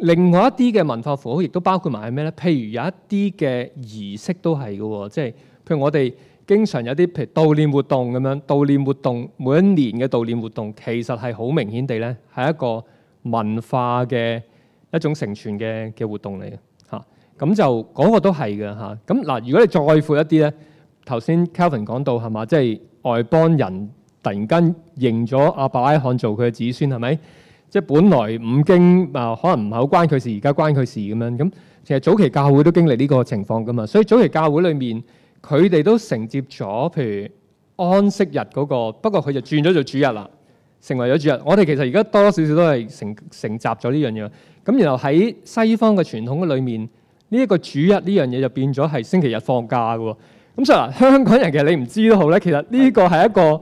另外一啲嘅文化符號亦都包括埋係咩咧？譬如有一啲嘅儀式都係嘅，即係譬如我哋。經常有啲譬如悼念活動咁樣，悼念活動每一年嘅悼念活動，其實係好明顯地咧，係一個文化嘅一種承傳嘅嘅活動嚟嘅嚇。咁、啊、就嗰、那個都係嘅嚇。咁、啊、嗱，如果你再闊一啲咧，頭先 Calvin 講到係嘛，即係、就是、外邦人突然間認咗阿伯拉罕做佢嘅子孫係咪？即係、就是、本來五經啊、呃，可能唔係好關佢事，而家關佢事咁樣。咁其實早期教會都經歷呢個情況噶嘛，所以早期教會裏面。佢哋都承接咗，譬如安息日嗰個，不過佢就轉咗做主日啦，成為咗主日。我哋其實而家多多少少都係承承襲咗呢樣嘢。咁然後喺西方嘅傳統嘅裏面，呢一個主日呢樣嘢就變咗係星期日放假嘅。咁所以啦，香港人其實你唔知都好咧。其實呢個係一個，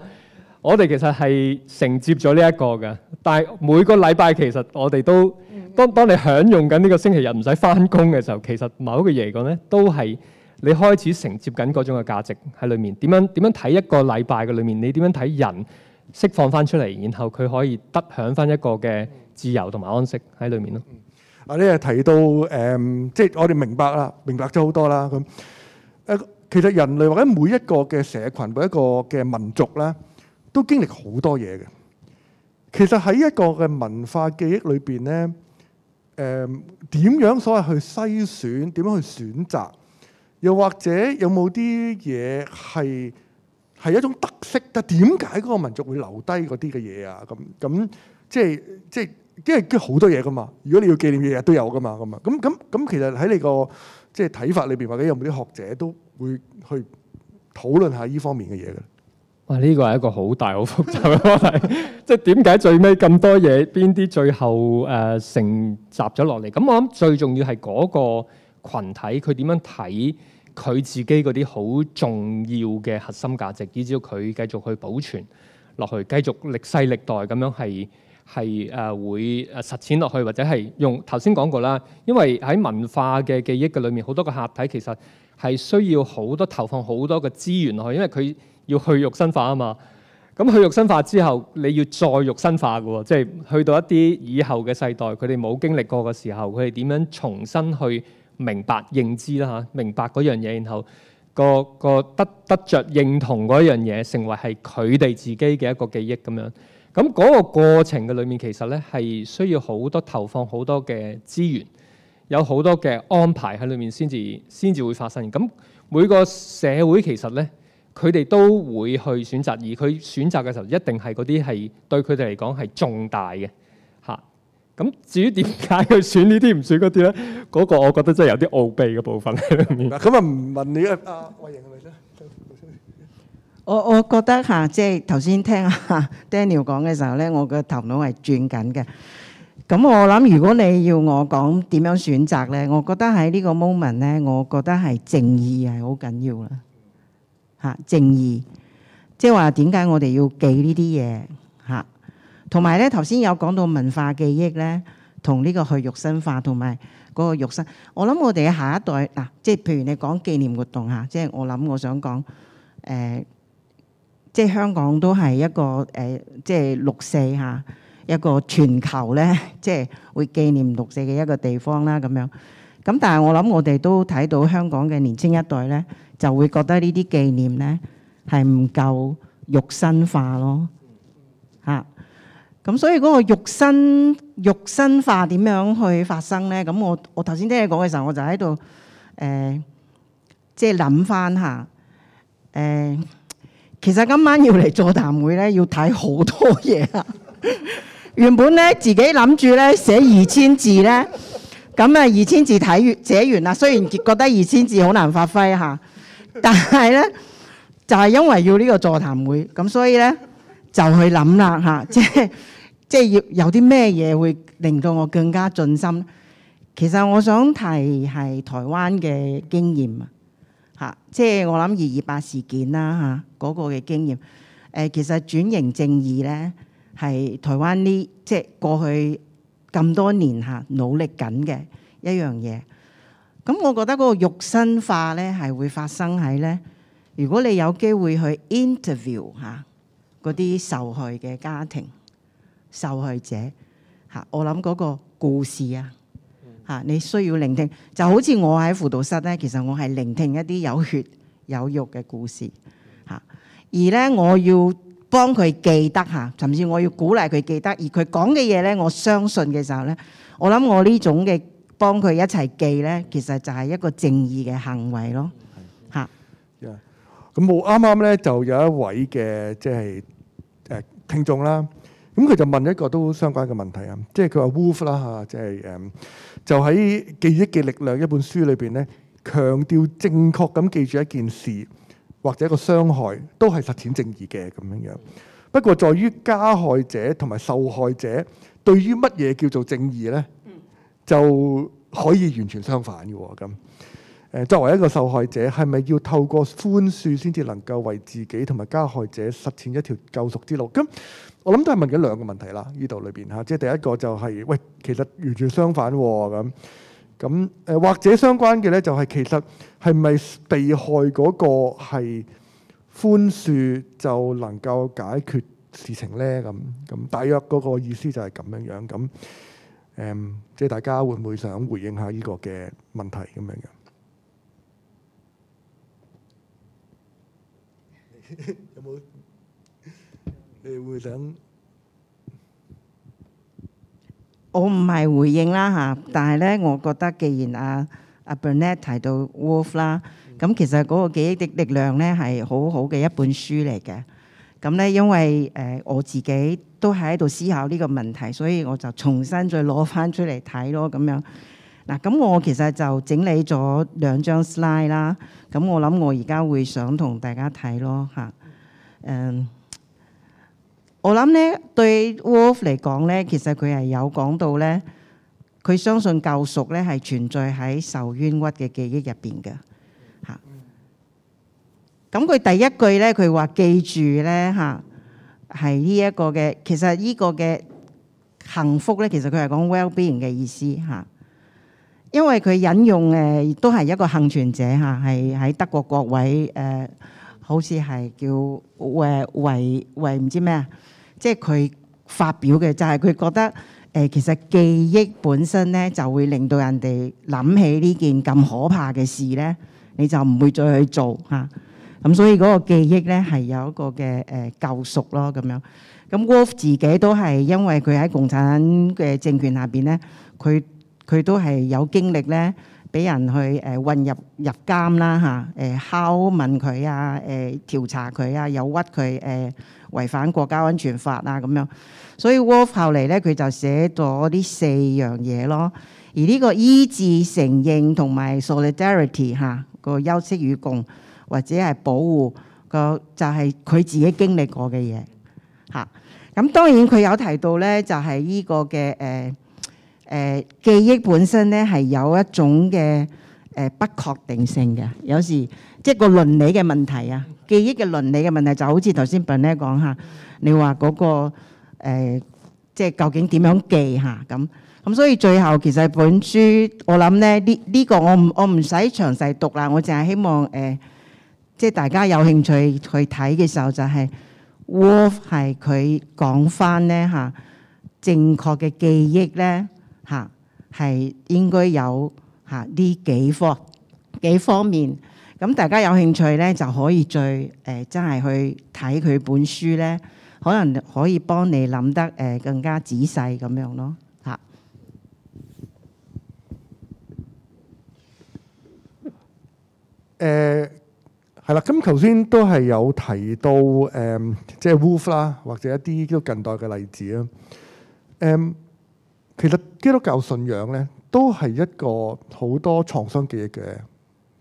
我哋其實係承接咗呢一個嘅。但係每個禮拜其實我哋都當當你享用緊呢個星期日唔使翻工嘅時候，其實某一個嘢嚟講咧都係。你開始承接緊嗰種嘅價值喺裏面，點樣點樣睇一個禮拜嘅裏面？你點樣睇人釋放翻出嚟，然後佢可以得享翻一個嘅自由同埋安息喺裏面咯？啊，你係提到誒，即、嗯、係、就是、我哋明白啦，明白咗好多啦咁。誒，其實人類或者每一個嘅社群，每一個嘅民族咧，都經歷好多嘢嘅。其實喺一個嘅文化記憶裏邊咧，誒、嗯、點樣所謂去篩選，點樣去選擇？又或者有冇啲嘢係係一種特色？但係點解嗰個民族會留低嗰啲嘅嘢啊？咁咁即係即係因為好多嘢噶嘛。如果你要紀念嘅嘢都有噶嘛，咁啊咁咁咁，其實喺你個即係睇法裏邊，或者有冇啲學者都會去討論下呢方面嘅嘢嘅。哇！呢個係一個好大好複雜嘅問題，即係點解最尾咁多嘢邊啲最後誒、呃、成集咗落嚟？咁我諗最重要係嗰個羣體佢點樣睇。佢自己嗰啲好重要嘅核心價值，以至佢繼續去保存落去，繼續歷世歷代咁樣，係係誒會誒實踐落去，或者係用頭先講過啦。因為喺文化嘅記憶嘅裏面，好多個客體其實係需要好多投放好多嘅資源落去，因為佢要去肉身化啊嘛。咁去肉身化之後，你要再肉身化嘅喎，即係去到一啲以後嘅世代，佢哋冇經歷過嘅時候，佢哋點樣重新去？明白認知啦嚇，明白嗰樣嘢，然後個個得得着認同嗰樣嘢，成為係佢哋自己嘅一個記憶咁樣。咁嗰個過程嘅裏面，其實咧係需要好多投放好多嘅資源，有好多嘅安排喺裏面先至先至會發生。咁每個社會其實咧，佢哋都會去選擇，而佢選擇嘅時候，一定係嗰啲係對佢哋嚟講係重大嘅。咁至於點解佢選呢啲唔選嗰啲咧？嗰個我覺得真係有啲奧秘嘅部分喺裏面。咁啊，唔問你阿阿慧嫈係咪先？我我覺得嚇，即係頭先聽阿 Daniel 講嘅時候咧，我個頭腦係轉緊嘅。咁我諗，如果你要我講點樣選擇咧，我覺得喺呢個 moment 咧，我覺得係正義係好緊要啦。嚇，正義，即係話點解我哋要記呢啲嘢？同埋咧，頭先有講到文化記憶咧，同呢個去肉身化同埋嗰個肉身。我諗我哋下一代嗱、啊，即係譬如你講紀念活動嚇，即係我諗我想講誒、呃，即係香港都係一個誒、呃，即係六四嚇、啊、一個全球咧，即係會紀念六四嘅一個地方啦咁樣。咁但係我諗我哋都睇到香港嘅年青一代咧，就會覺得這些紀呢啲紀念咧係唔夠肉身化咯。咁所以嗰個肉身肉身化點樣去發生咧？咁我我頭先聽你講嘅時候，我就喺度誒，即係諗翻下。誒、呃。其實今晚要嚟座談會咧，要睇好多嘢啊！ [LAUGHS] 原本咧自己諗住咧寫二千字咧，咁啊二千字睇完寫完啦。雖然覺得二千字好難發揮下，但係咧就係、是、因為要呢個座談會，咁所以咧。就去諗啦嚇，即係即係要有啲咩嘢會令到我更加盡心。其實我想提係台灣嘅經驗嚇，即係我諗二二八事件啦嚇嗰個嘅經驗。誒，其實轉型正義咧係台灣呢，即係過去咁多年嚇努力緊嘅一樣嘢。咁我覺得嗰個肉身化咧係會發生喺咧，如果你有機會去 interview 嚇。嗰啲受害嘅家庭、受害者嚇，我諗嗰個故事啊嚇，你需要聆聽，就好似我喺輔導室咧，其實我係聆聽一啲有血有肉嘅故事嚇，而咧我要幫佢記得嚇，甚至我要鼓勵佢記得，而佢講嘅嘢咧，我相信嘅時候咧，我諗我呢種嘅幫佢一齊記咧，其實就係一個正義嘅行為咯。咁冇啱啱咧，就有一位嘅即係誒聽眾啦。咁佢就問一個都相關嘅問題啊，即係佢話 Wolf 啦嚇，就係誒，就喺《記憶嘅力量》一本書裏邊咧，強調正確咁記住一件事或者一個傷害都係實踐正義嘅咁樣樣。不過在於加害者同埋受害者對於乜嘢叫做正義咧，就可以完全相反嘅喎咁。誒，作為一個受害者，係咪要透過寬恕先至能夠為自己同埋加害者實踐一條救贖之路？咁我諗都係問緊兩個問題啦，呢度裏邊嚇，即係第一個就係、是，喂，其實完全相反喎咁，咁誒，或者相關嘅咧、就是，就係其實係咪被害嗰個係寬恕就能夠解決事情咧？咁咁大約嗰個意思就係咁樣樣，咁誒，即係、嗯、大家會唔會想回應下呢個嘅問題咁樣嘅？有冇？ [LAUGHS] 你會想我唔係回應啦嚇，但係咧，我覺得既然阿阿 Bernard 提到 Wolf 啦，咁其實嗰個記憶的力量咧係好好嘅一本書嚟嘅。咁咧，因為誒我自己都係喺度思考呢個問題，所以我就重新再攞返出嚟睇咯，咁樣。嗱，咁我其實就整理咗兩張 slide 啦。咁我諗我而家會想同大家睇咯，嚇。誒，我諗咧對 Wolf 嚟講咧，其實佢係有講到咧，佢相信救贖咧係存在喺受冤屈嘅記憶入邊嘅，嚇。咁佢第一句咧，佢話記住咧，嚇係呢一個嘅，其實呢個嘅幸福咧，其實佢係講 well-being 嘅意思，嚇。因為佢引用誒都係一個幸存者嚇，係喺德國國會，誒、呃，好似係叫誒維維唔知咩啊，即係佢發表嘅就係佢覺得誒、呃、其實記憶本身咧就會令到人哋諗起呢件咁可怕嘅事咧，你就唔會再去做嚇。咁、啊、所以嗰個記憶咧係有一個嘅誒、呃、救贖咯咁樣。咁 Wolf 自己都係因為佢喺共產嘅政權下邊咧，佢。佢都係有經歷咧，俾人去誒混入入監啦嚇，誒拷問佢啊，誒調查佢啊，有屈佢誒違反國家安全法啊咁樣。所以 Wolf 後嚟咧，佢就寫咗呢四樣嘢咯。而呢個醫治、承認同埋 solidarity 嚇個休戚與共或者係保護個就係、是、佢自己經歷過嘅嘢嚇。咁當然佢有提到咧，就係呢個嘅誒。誒記憶本身咧係有一種嘅誒不確定性嘅，有時即係個倫理嘅問題啊。記憶嘅倫理嘅問題就好似頭先 Ben 咧講嚇，你話嗰、那個、呃、即係究竟點樣記嚇咁咁，所以最後其實本書我諗咧呢呢、這個我唔我唔使詳細讀啦，我淨係希望誒、呃、即係大家有興趣去睇嘅時候就係 Wolf 係佢講翻咧嚇正確嘅記憶咧。嚇係應該有嚇呢幾科幾方面，咁大家有興趣咧就可以再誒真係去睇佢本書咧，可能可以幫你諗得誒更加仔細咁樣咯嚇。誒係、呃、啦，咁頭先都係有提到誒，即、呃、係、就是、Wolf 啦，或者一啲叫近代嘅例子啊，誒、呃。其實基督教信仰咧，都係一個好多創傷記憶嘅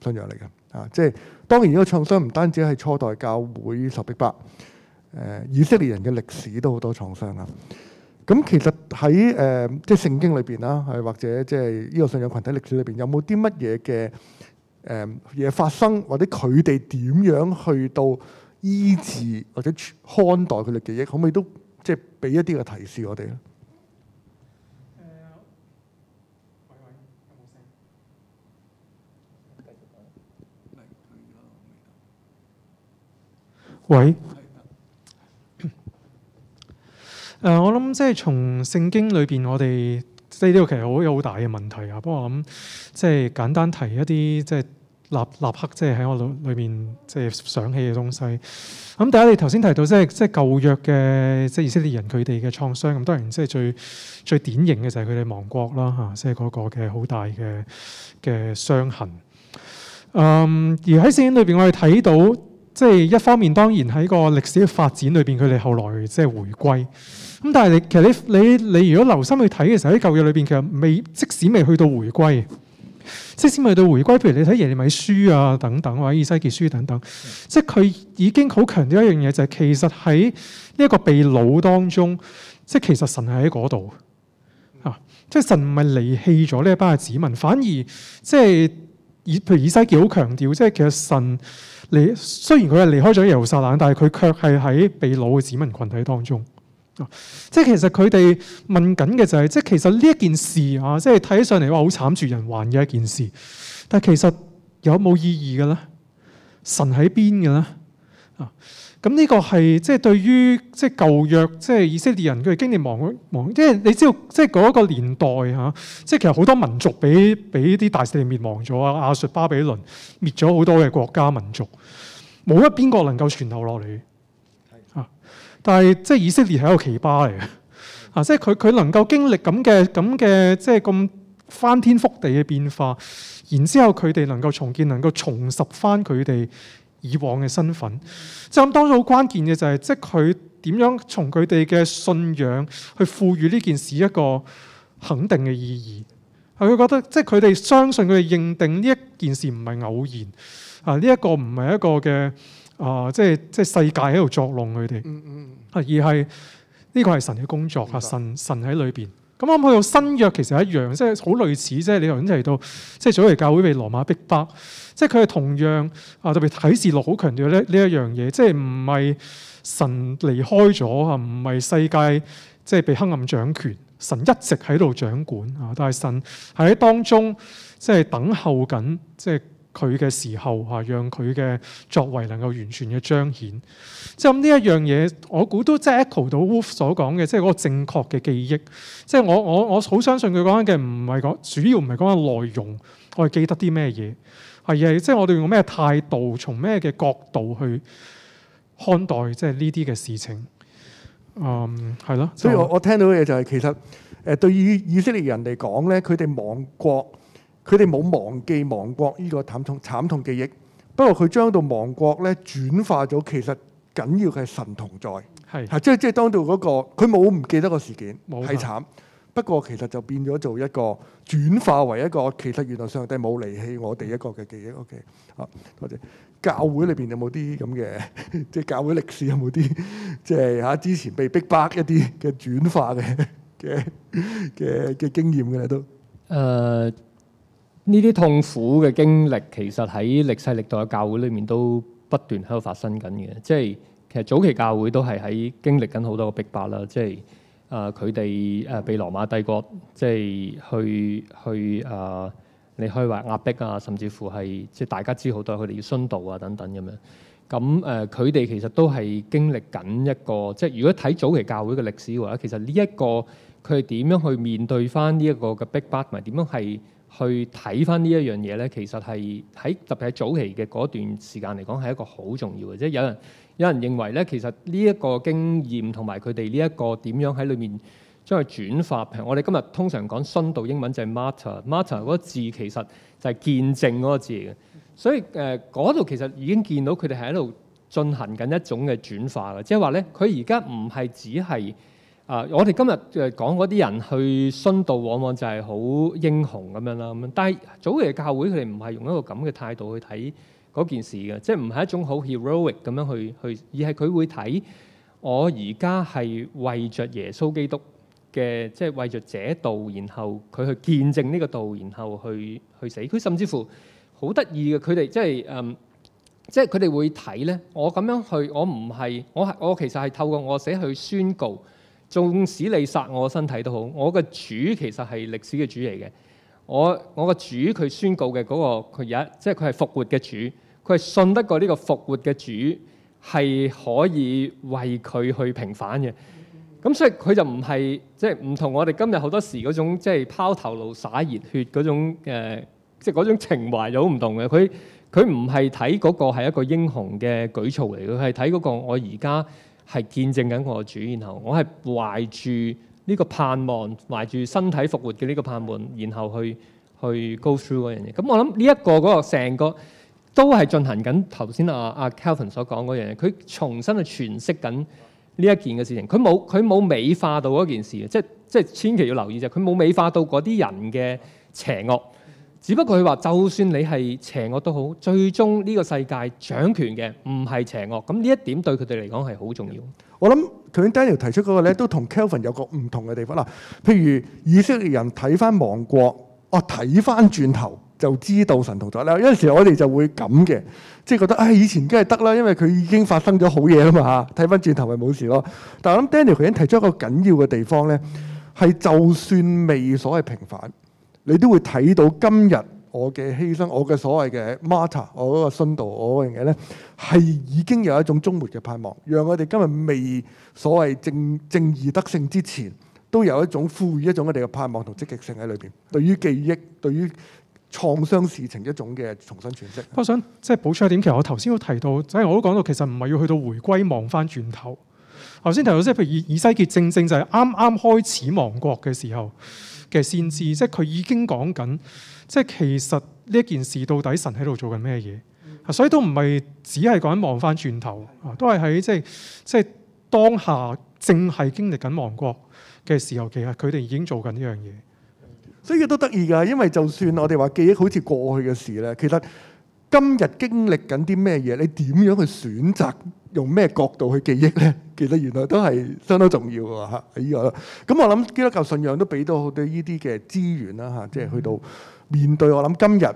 信仰嚟嘅，啊，即係當然呢個創傷唔單止係初代教會受迫害，誒、呃、以色列人嘅歷史都好多創傷啊。咁其實喺誒、呃、即係聖經裏邊啦，係或者即係呢個信仰群體歷史裏邊，有冇啲乜嘢嘅誒嘢發生，或者佢哋點樣去到醫治或者看待佢哋記憶，可唔可以都即係俾一啲嘅提示我哋咧？喂，誒、呃，我諗即係從聖經裏邊，我哋呢啲其實好有好大嘅問題啊。不過我諗即係簡單提一啲，即係立立刻即係喺我腦裏邊即係想起嘅東西。咁、嗯、第一，你頭先提到即係即係舊約嘅即係以色列人佢哋嘅創傷，咁當然，即係最最典型嘅就係佢哋亡國啦嚇，即係嗰個嘅好大嘅嘅傷痕。嗯，而喺聖經裏邊，我哋睇到。即係一方面當然喺個歷史嘅發展裏邊，佢哋後來即係回歸。咁但係你其實你你你如果留心去睇嘅時候，喺舊約裏邊其實未即使未去到回歸，即使未到回歸，譬如你睇耶利米書啊等等或者以西結書等等，嗯、即係佢已經好強調一樣嘢，就係、是、其實喺呢一個被擄當中，即係其實神係喺嗰度嚇。即係神唔係離棄咗呢一班嘅子民，反而即係以譬如以西結好強調，即係其實神。你雖然佢係離開咗耶路撒冷，但係佢卻係喺被擄嘅子民群體當中。啊，即係其實佢哋問緊嘅就係、是，即係其實呢一件事啊，即係睇起上嚟話好慘絕人寰嘅一件事，但係其實有冇意義嘅咧？神喺邊嘅咧？啊！咁呢個係即係對於即係舊約，即係以色列人佢經歷亡亡，即係你知道，即係嗰個年代即係其實好多民族俾俾啲大勢滅亡咗啊，亞述、巴比倫滅咗好多嘅國家民族，冇一邊個能夠傳流落嚟。的但係即係以色列係一個奇葩嚟嘅，的啊！即係佢佢能夠經歷咁嘅咁嘅即係咁翻天覆地嘅變化，然之後佢哋能夠重建，能夠重拾翻佢哋以往嘅身份，即係咁當中好關鍵嘅就係，即係佢點樣從佢哋嘅信仰去賦予呢件事一個肯定嘅意義。佢覺得，即係佢哋相信佢哋認定呢一件事唔係偶然啊，呢、這個、一個唔係一個嘅啊，即係即係世界喺度作弄佢哋、嗯。嗯嗯。而係呢、這個係神嘅工作啊白，神神喺裏邊。咁我諗去到新約其實係一樣，即係好類似啫。你頭先提到，即係早期教會被羅馬逼迫。即係佢係同樣啊，特別啟示錄好強調咧呢一樣嘢，即係唔係神離開咗啊？唔係世界即係被黑暗掌權，神一直喺度掌管啊。但係神喺當中即係等候緊，即係佢嘅時候啊，讓佢嘅作為能夠完全嘅彰顯。即係咁呢一樣嘢，我估都即係 echo 到 Wolf 所講嘅，即係嗰個正確嘅記憶。即係我我我好相信佢講緊嘅唔係講主要唔係講緊內容，我係記得啲咩嘢。係啊，即係我哋用咩態度，從咩嘅角度去看待即係呢啲嘅事情，嗯，係咯。所以我我聽到嘅嘢就係、是、其實，誒對於以，以色列人嚟講咧，佢哋亡國，佢哋冇忘記亡國呢個慘痛慘痛記憶。不過佢將到亡國咧轉化咗，其實緊要嘅神同在，係啊，即係即係當到嗰、嗰個佢冇唔記得個事件係慘。不過其實就變咗做一個轉化為一個，其實原來上帝冇離棄我哋一個嘅記憶。OK，啊，多謝。教會裏邊有冇啲咁嘅，即係教會歷史有冇啲，即係嚇之前被逼迫一啲嘅轉化嘅嘅嘅嘅經驗嘅咧都。誒、呃，呢啲痛苦嘅經歷其實喺歷世歷代嘅教會裏面都不斷喺度發生緊嘅。即係其實早期教會都係喺經歷緊好多嘅逼迫啦。即係。啊！佢哋啊，被羅馬帝國即係去去啊、呃，你可以話壓迫啊，甚至乎係即係大家知好多佢哋要殉道啊等等咁樣。咁、呃、誒，佢哋其實都係經歷緊一個，即係如果睇早期教會嘅歷史嘅話，其實呢、這、一個佢哋點樣去面對翻呢一個嘅逼迫，同埋點樣係去睇翻呢一樣嘢咧，其實係喺特別喺早期嘅嗰段時間嚟講係一個好重要嘅，即係有人。有人認為咧，其實呢一個經驗同埋佢哋呢一個點樣喺裏面將佢轉化。譬如我哋今日通常講殉道英文就係 martyr，martyr 嗰個字其實就係見證嗰個字嘅。所以誒，嗰、呃、度其實已經見到佢哋係喺度進行緊一種嘅轉化啦，即係話咧，佢而家唔係只係啊、呃，我哋今日誒講嗰啲人去殉道，往往就係好英雄咁樣啦。咁樣，但係早期嘅教會佢哋唔係用一個咁嘅態度去睇。嗰件事嘅，即係唔係一種好 heroic 咁樣去去，而係佢會睇我而家係為着耶穌基督嘅，即係為着這道，然後佢去見證呢個道，然後去去死。佢甚至乎好得意嘅，佢哋即係誒，即係佢哋會睇咧。我咁樣去，我唔係我係我其實係透過我死去宣告，縱使你殺我身體都好，我嘅主其實係歷史嘅主嚟嘅。我我個主佢宣告嘅嗰、那個佢有，即係佢係復活嘅主，佢係信得過呢個復活嘅主係可以為佢去平反嘅。咁所以佢就唔係即係唔同我哋今日好多時嗰種即係、就是、拋頭顱灑熱血嗰種誒，即係嗰種情懷有好唔同嘅。佢佢唔係睇嗰個係一個英雄嘅舉措嚟，嘅，佢係睇嗰個我而家係見證緊我個主，然後我係懷住。.呢個盼望懷住身體復活嘅呢個盼望，然後去去 go through 嗰樣嘢。咁我諗呢一個嗰、嗰個成個都係進行緊頭先阿、啊、阿 Kelvin、啊、所講嗰樣嘢，佢重新去詮釋緊呢一件嘅事情。佢冇佢冇美化到嗰件事嘅，即係即係千祈要留意，就係佢冇美化到嗰啲人嘅邪惡。只不過佢話，就算你係邪惡都好，最終呢個世界掌權嘅唔係邪惡，咁呢一點對佢哋嚟講係好重要。我諗，頭先 Daniel 提出嗰個咧，都同 Kelvin 有個唔同嘅地方啦。譬如以色列人睇翻亡國，哦、啊，睇翻轉頭就知道神同咗啦。有陣時我哋就會咁嘅，即係覺得唉、哎，以前梗係得啦，因為佢已經發生咗好嘢啦嘛嚇。睇翻轉頭咪冇事咯。但係我諗 Daniel 佢已經提出一個緊要嘅地方咧，係就算未所謂平反。你都會睇到今日我嘅犧牲，我嘅所謂嘅 martyr，我嗰個殉道，我嗰樣嘢咧，係已經有一種終末嘅盼望，讓我哋今日未所謂正正義得勝之前，都有一種賦予一種我哋嘅盼望同積極性喺裏邊。對於記憶，對於創傷事情一種嘅重新詮釋。我想即係補充一點，其實我頭先都提到，即係我都講到，其實唔係要去到回歸望翻轉頭。頭先提到即係譬如以西結正正就係啱啱開始亡國嘅時候。嘅先知，即係佢已經講緊，即係其實呢一件事到底神喺度做緊咩嘢？啊，所以都唔係只係講望翻轉頭，啊，都係喺即係即係當下正係經歷緊亡國嘅時候，其實佢哋已經做緊呢樣嘢，所以都得意㗎。因為就算我哋話記憶好似過去嘅事咧，其實。今日經歷緊啲咩嘢？你點樣去選擇？用咩角度去記憶咧？記得原來都係相當重要㗎吓喺依個。咁、哎、我諗基督教信仰都俾到好多依啲嘅資源啦嚇，即係、嗯、去到面對我諗今日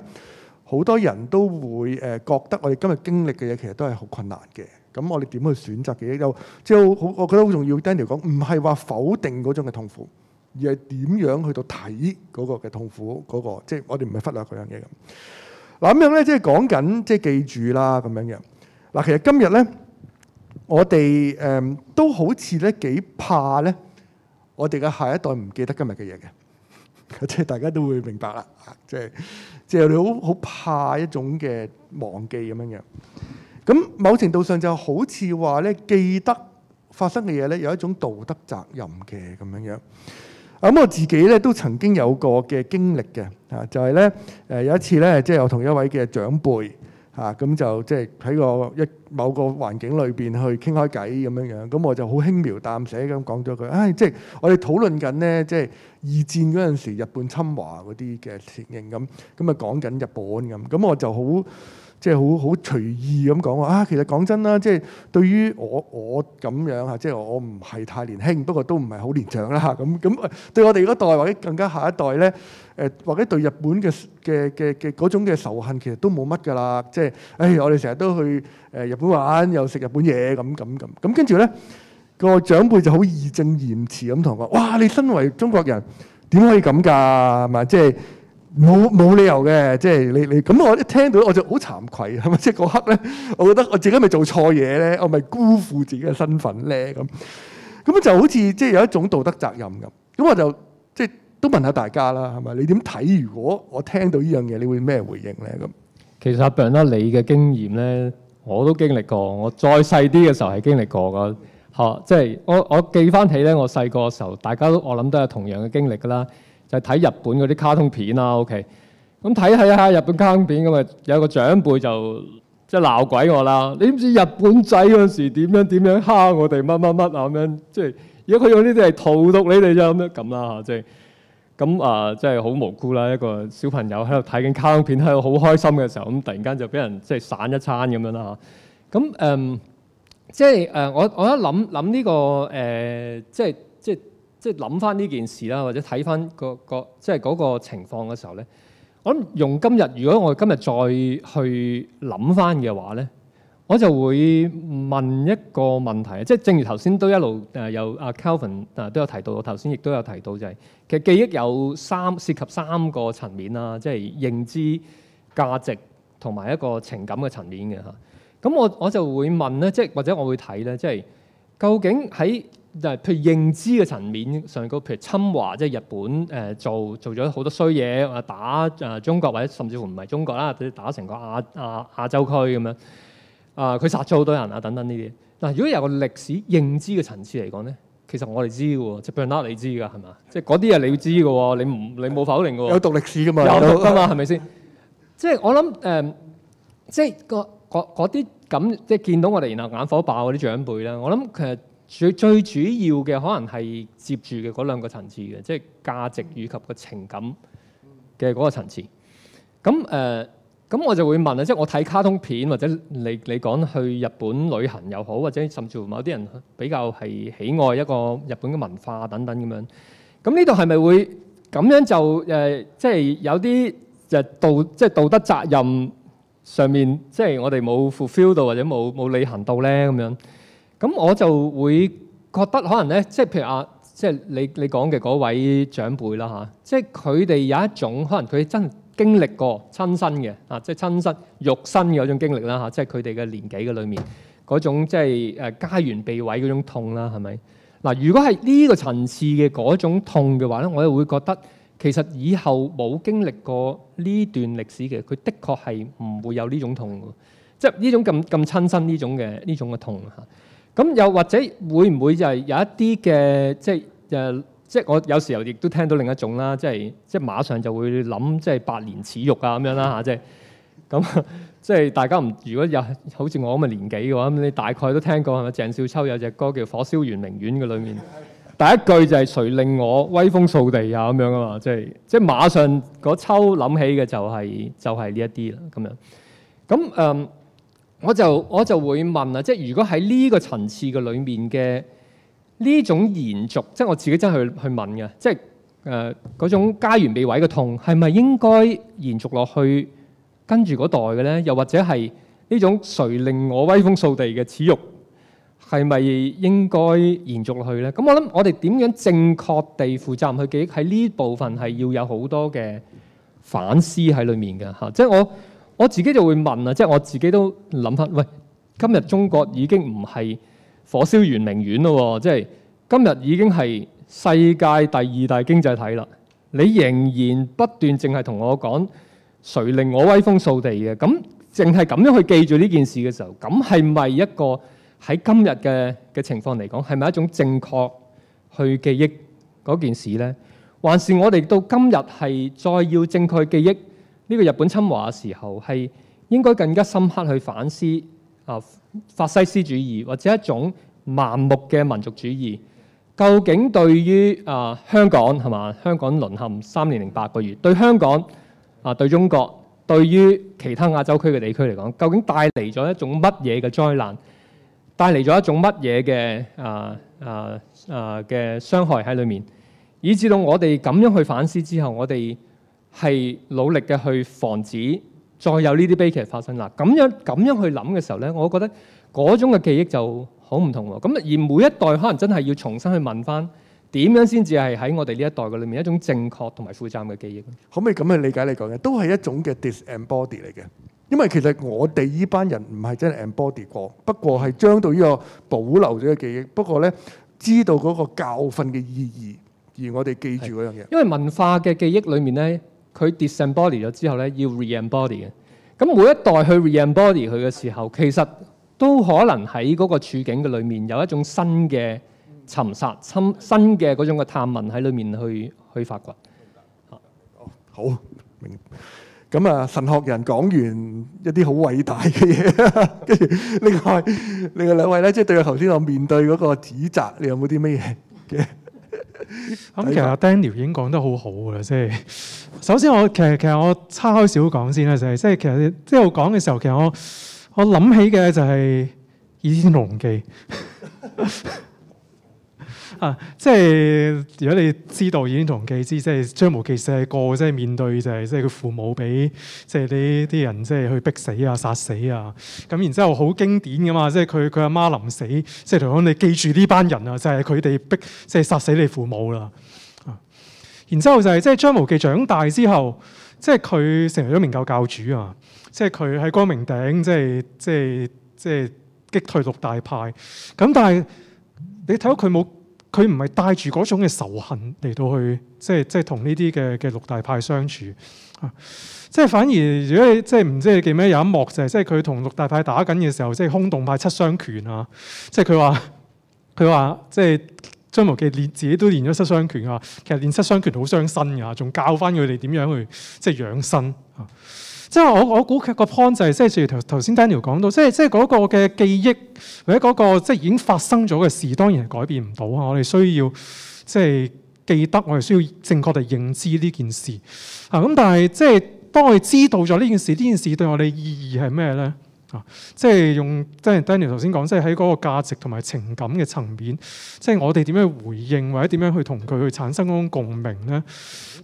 好多人都會誒覺得我哋今日經歷嘅嘢其實都係好困難嘅。咁我哋點去選擇嘅嘢？又即係好，我覺得好重要。Daniel 講唔係話否定嗰種嘅痛苦，而係點樣去到睇嗰個嘅痛苦嗰、嗰個，即、就、係、是、我哋唔係忽略嗰樣嘢咁。嗱咁樣咧，即係講緊即係記住啦咁樣樣。嗱，其實今日咧，我哋誒、嗯、都好似咧幾怕咧，我哋嘅下一代唔記得今日嘅嘢嘅，即係大家都會明白啦。即係即係你好好怕一種嘅忘記咁樣樣。咁某程度上就好似話咧，記得發生嘅嘢咧，有一種道德責任嘅咁樣樣。咁我自己咧都曾經有過嘅經歷嘅，啊，就係咧，誒有一次咧，即係我同一位嘅長輩，嚇咁就即係喺個一某個環境裏邊去傾開偈咁樣樣，咁我就好輕描淡寫咁講咗句，哎，唉，即係我哋討論緊咧，即係二戰嗰陣時日本侵華嗰啲嘅情形咁，咁啊講緊日本咁，咁我就好。即係好好隨意咁講話啊！其實講真啦，即係對於我我咁樣啊，即係我唔係太年輕，不過都唔係好年長啦。咁咁對我哋嗰代或者更加下一代咧，誒或者對日本嘅嘅嘅嘅嗰種嘅仇恨其實都冇乜㗎啦。即係誒，我哋成日都去誒日本玩，又食日本嘢咁咁咁咁跟住咧，呢個長輩就好義正言辭咁同我話：哇！你身為中國人，點可以咁㗎？係咪即係？冇冇理由嘅，即係你你咁，我一聽到我就好慚愧，係咪？即係嗰刻咧，我覺得我自己咪做錯嘢咧，我咪辜負自己嘅身份咧咁。咁就好似即係有一種道德責任咁。咁我就即係都問下大家啦，係咪？你點睇？如果我聽到呢樣嘢，你會咩回應咧？咁其實阿 Ben 咧，你嘅經驗咧，我都經歷過。我再細啲嘅時候係經歷過噶嚇。即係我我記翻起咧，我細個嘅時候，大家都我諗都係同樣嘅經歷噶啦。就睇日本嗰啲卡通片啦，OK。咁睇睇下日本卡通片，咁啊有一個長輩就即係鬧鬼我啦。你知唔知日本仔嗰陣時點樣點樣蝦我哋乜乜乜啊咁樣，即係如果佢用呢啲嚟荼毒你哋啫咁樣咁啦嚇，即係咁啊，即係好無辜啦。一個小朋友喺度睇緊卡通片，喺度好開心嘅時候，咁突然間就俾人即係、即係、散一餐咁樣啦嚇。咁誒即係誒我我一諗諗呢個誒即係。呃即係即係諗翻呢件事啦，或者睇翻個個即係嗰個情況嘅時候咧，我諗用今日，如果我今日再去諗翻嘅話咧，我就會問一個問題，即係正如頭先都一路誒有阿 Calvin 啊都有提到，我頭先亦都有提到就係其實記憶有三涉及三個層面啦，即係認知、價值同埋一個情感嘅層面嘅嚇。咁我我就會問咧，即係或者我會睇咧，即係究竟喺就係譬如認知嘅層面上高，譬如侵華即係日本誒、呃、做做咗好多衰嘢，話打誒、呃、中國或者甚至乎唔係中國啦，打成個亞亞亞洲區咁樣啊，佢、呃、殺咗好多人啊等等呢啲。嗱，如果由個歷史認知嘅層次嚟講咧，其實我哋知嘅喎，就是，即係俾人拉你知嘅係嘛，即係嗰啲嘢你知嘅喎，你唔你冇否定嘅喎。有讀歷史嘅嘛？有讀嘅嘛？係咪先？即係我諗誒、呃，即係嗰啲咁，即係見到我哋然後眼火爆嗰啲長輩咧，我諗其實。最最主要嘅可能係接住嘅嗰兩個層次嘅，即係價值以及個情感嘅嗰個層次。咁誒，咁我就會問啊，即係我睇卡通片或者你你講去日本旅行又好，或者甚至乎某啲人比較係喜愛一個日本嘅文化等等咁樣。咁呢度係咪會咁樣就誒，即係有啲誒道即係道德責任上面，即係我哋冇 fulfill 到或者冇冇履行到咧咁樣？咁我就會覺得可能咧，即係譬如啊，即係你你講嘅嗰位長輩啦嚇，即係佢哋有一種可能佢真經歷過親身嘅啊，即係親身肉身嗰種經歷啦嚇，即係佢哋嘅年紀嘅裏面嗰種即係誒家園被毀嗰種痛啦，係咪嗱？如果係呢個層次嘅嗰種痛嘅話咧，我就會覺得其實以後冇經歷過呢段歷史嘅佢，的確係唔會有呢種痛，即係呢種咁咁親身呢種嘅呢種嘅痛嚇。咁又或者會唔會就係有一啲嘅即係誒，即係我有時候亦都聽到另一種啦，即係即係馬上就會諗，即係百年恥辱啊咁樣啦吓，即係咁即係大家唔，如果有好似我咁嘅年紀嘅話，咁你大概都聽過係咪？鄭少秋有隻歌叫《火燒圓明園》嘅裏面， [LAUGHS] 第一句就係誰令我威風掃地啊咁樣啊嘛，即係即係馬上嗰抽諗起嘅就係就係呢一啲啦咁樣。咁誒。嗯。我就我就會問啦，即係如果喺呢個層次嘅裡面嘅呢種延續，即係我自己真係去去問嘅，即係誒嗰種家園被毀嘅痛，係咪應該延續落去跟住嗰代嘅咧？又或者係呢種誰令我威風掃地嘅恥辱，係咪應該延續落去咧？咁我諗我哋點樣正確地負責任去記憶，喺呢部分係要有好多嘅反思喺裡面嘅嚇。即係我。我自己就會問啊，即係我自己都諗翻，喂，今日中國已經唔係火燒圓明園咯，即係今日已經係世界第二大經濟體啦。你仍然不斷淨係同我講誰令我威風掃地嘅，咁淨係咁樣去記住呢件事嘅時候，咁係咪一個喺今日嘅嘅情況嚟講，係咪一種正確去記憶嗰件事呢？還是我哋到今日係再要正確記憶？呢個日本侵華嘅時候係應該更加深刻去反思啊，法西斯主義或者一種盲目嘅民族主義，究竟對於啊香港係嘛？香港淪陷三年零八個月，對香港啊，對中國，對於其他亞洲區嘅地區嚟講，究竟帶嚟咗一種乜嘢嘅災難？帶嚟咗一種乜嘢嘅啊啊啊嘅傷害喺裏面？以至到我哋咁樣去反思之後，我哋。係努力嘅去防止再有呢啲悲劇發生啦。咁樣咁樣去諗嘅時候咧，我覺得嗰種嘅記憶就好唔同喎。咁而每一代可能真係要重新去問翻點樣先至係喺我哋呢一代嘅裏面一種正確同埋負責嘅記憶。可唔可以咁樣理解你講嘅？都係一種嘅 disembodied 嚟嘅，因為其實我哋依班人唔係真係 embodied 過，不過係將到呢個保留咗嘅記憶。不過咧，知道嗰個教訓嘅意義，而我哋記住嗰樣嘢。因為文化嘅記憶裏面咧。佢 disembodied 咗之後咧，要 reembodied 嘅。咁每一代去 reembodied 佢嘅時候，其實都可能喺嗰個處境嘅裏面有一種新嘅尋索、新新嘅嗰種嘅探問喺裏面去去發掘。好明。咁啊，神學人講完一啲好偉大嘅嘢，跟 [LAUGHS] 住另外 [LAUGHS] 另外兩位咧，即係對頭先我面對嗰個指責，你有冇啲咩嘢嘅？ [LAUGHS] 咁其實 Daniel 已經講得好好啦，即係首先我其實其實我岔開少講先啦，就係即係其實即係我講嘅時候，其實我我諗起嘅就係《倚天屠龍記》。 [LAUGHS] 啊！即係如果你知道已經同記知，即係張無忌細個即係面對就係即係佢父母俾即係呢啲人即係去逼死啊、殺死啊。咁然之後好經典噶嘛，即係佢佢阿媽臨死即係同講，你記住呢班人啊，就係佢哋逼即係殺死你父母啦。啊然之後就係即係張無忌長大之後，即係佢成為咗明教教主啊！即係佢喺光明頂即係即係即係擊退六大派。咁但係你睇到佢冇？佢唔係帶住嗰種嘅仇恨嚟到去，即係即係同呢啲嘅嘅六大派相處，啊，即係反而如果你即係唔知你記唔記得有一幕就係，即係佢同六大派打緊嘅時候，即係崆峒派七傷拳啊，即係佢話佢話即係張無忌練自己都練咗七傷拳啊，其實練七傷拳好傷身㗎，仲教返佢哋點樣去即係養生啊。即係我我估佢個 point 就係即係譬如頭頭先 Daniel 講到，即係即係嗰個嘅記憶或者嗰個即係已經發生咗嘅事，當然係改變唔到啊！我哋需要即係記得，我哋需要正確地認知呢件事啊！咁但係即係當我哋知道咗呢件事，呢件事對我哋意義係咩咧？即係用即係 Daniel 頭先講，即係喺嗰個價值同埋情感嘅層面，即係我哋點樣回應或者點樣去同佢去產生嗰種共鳴咧？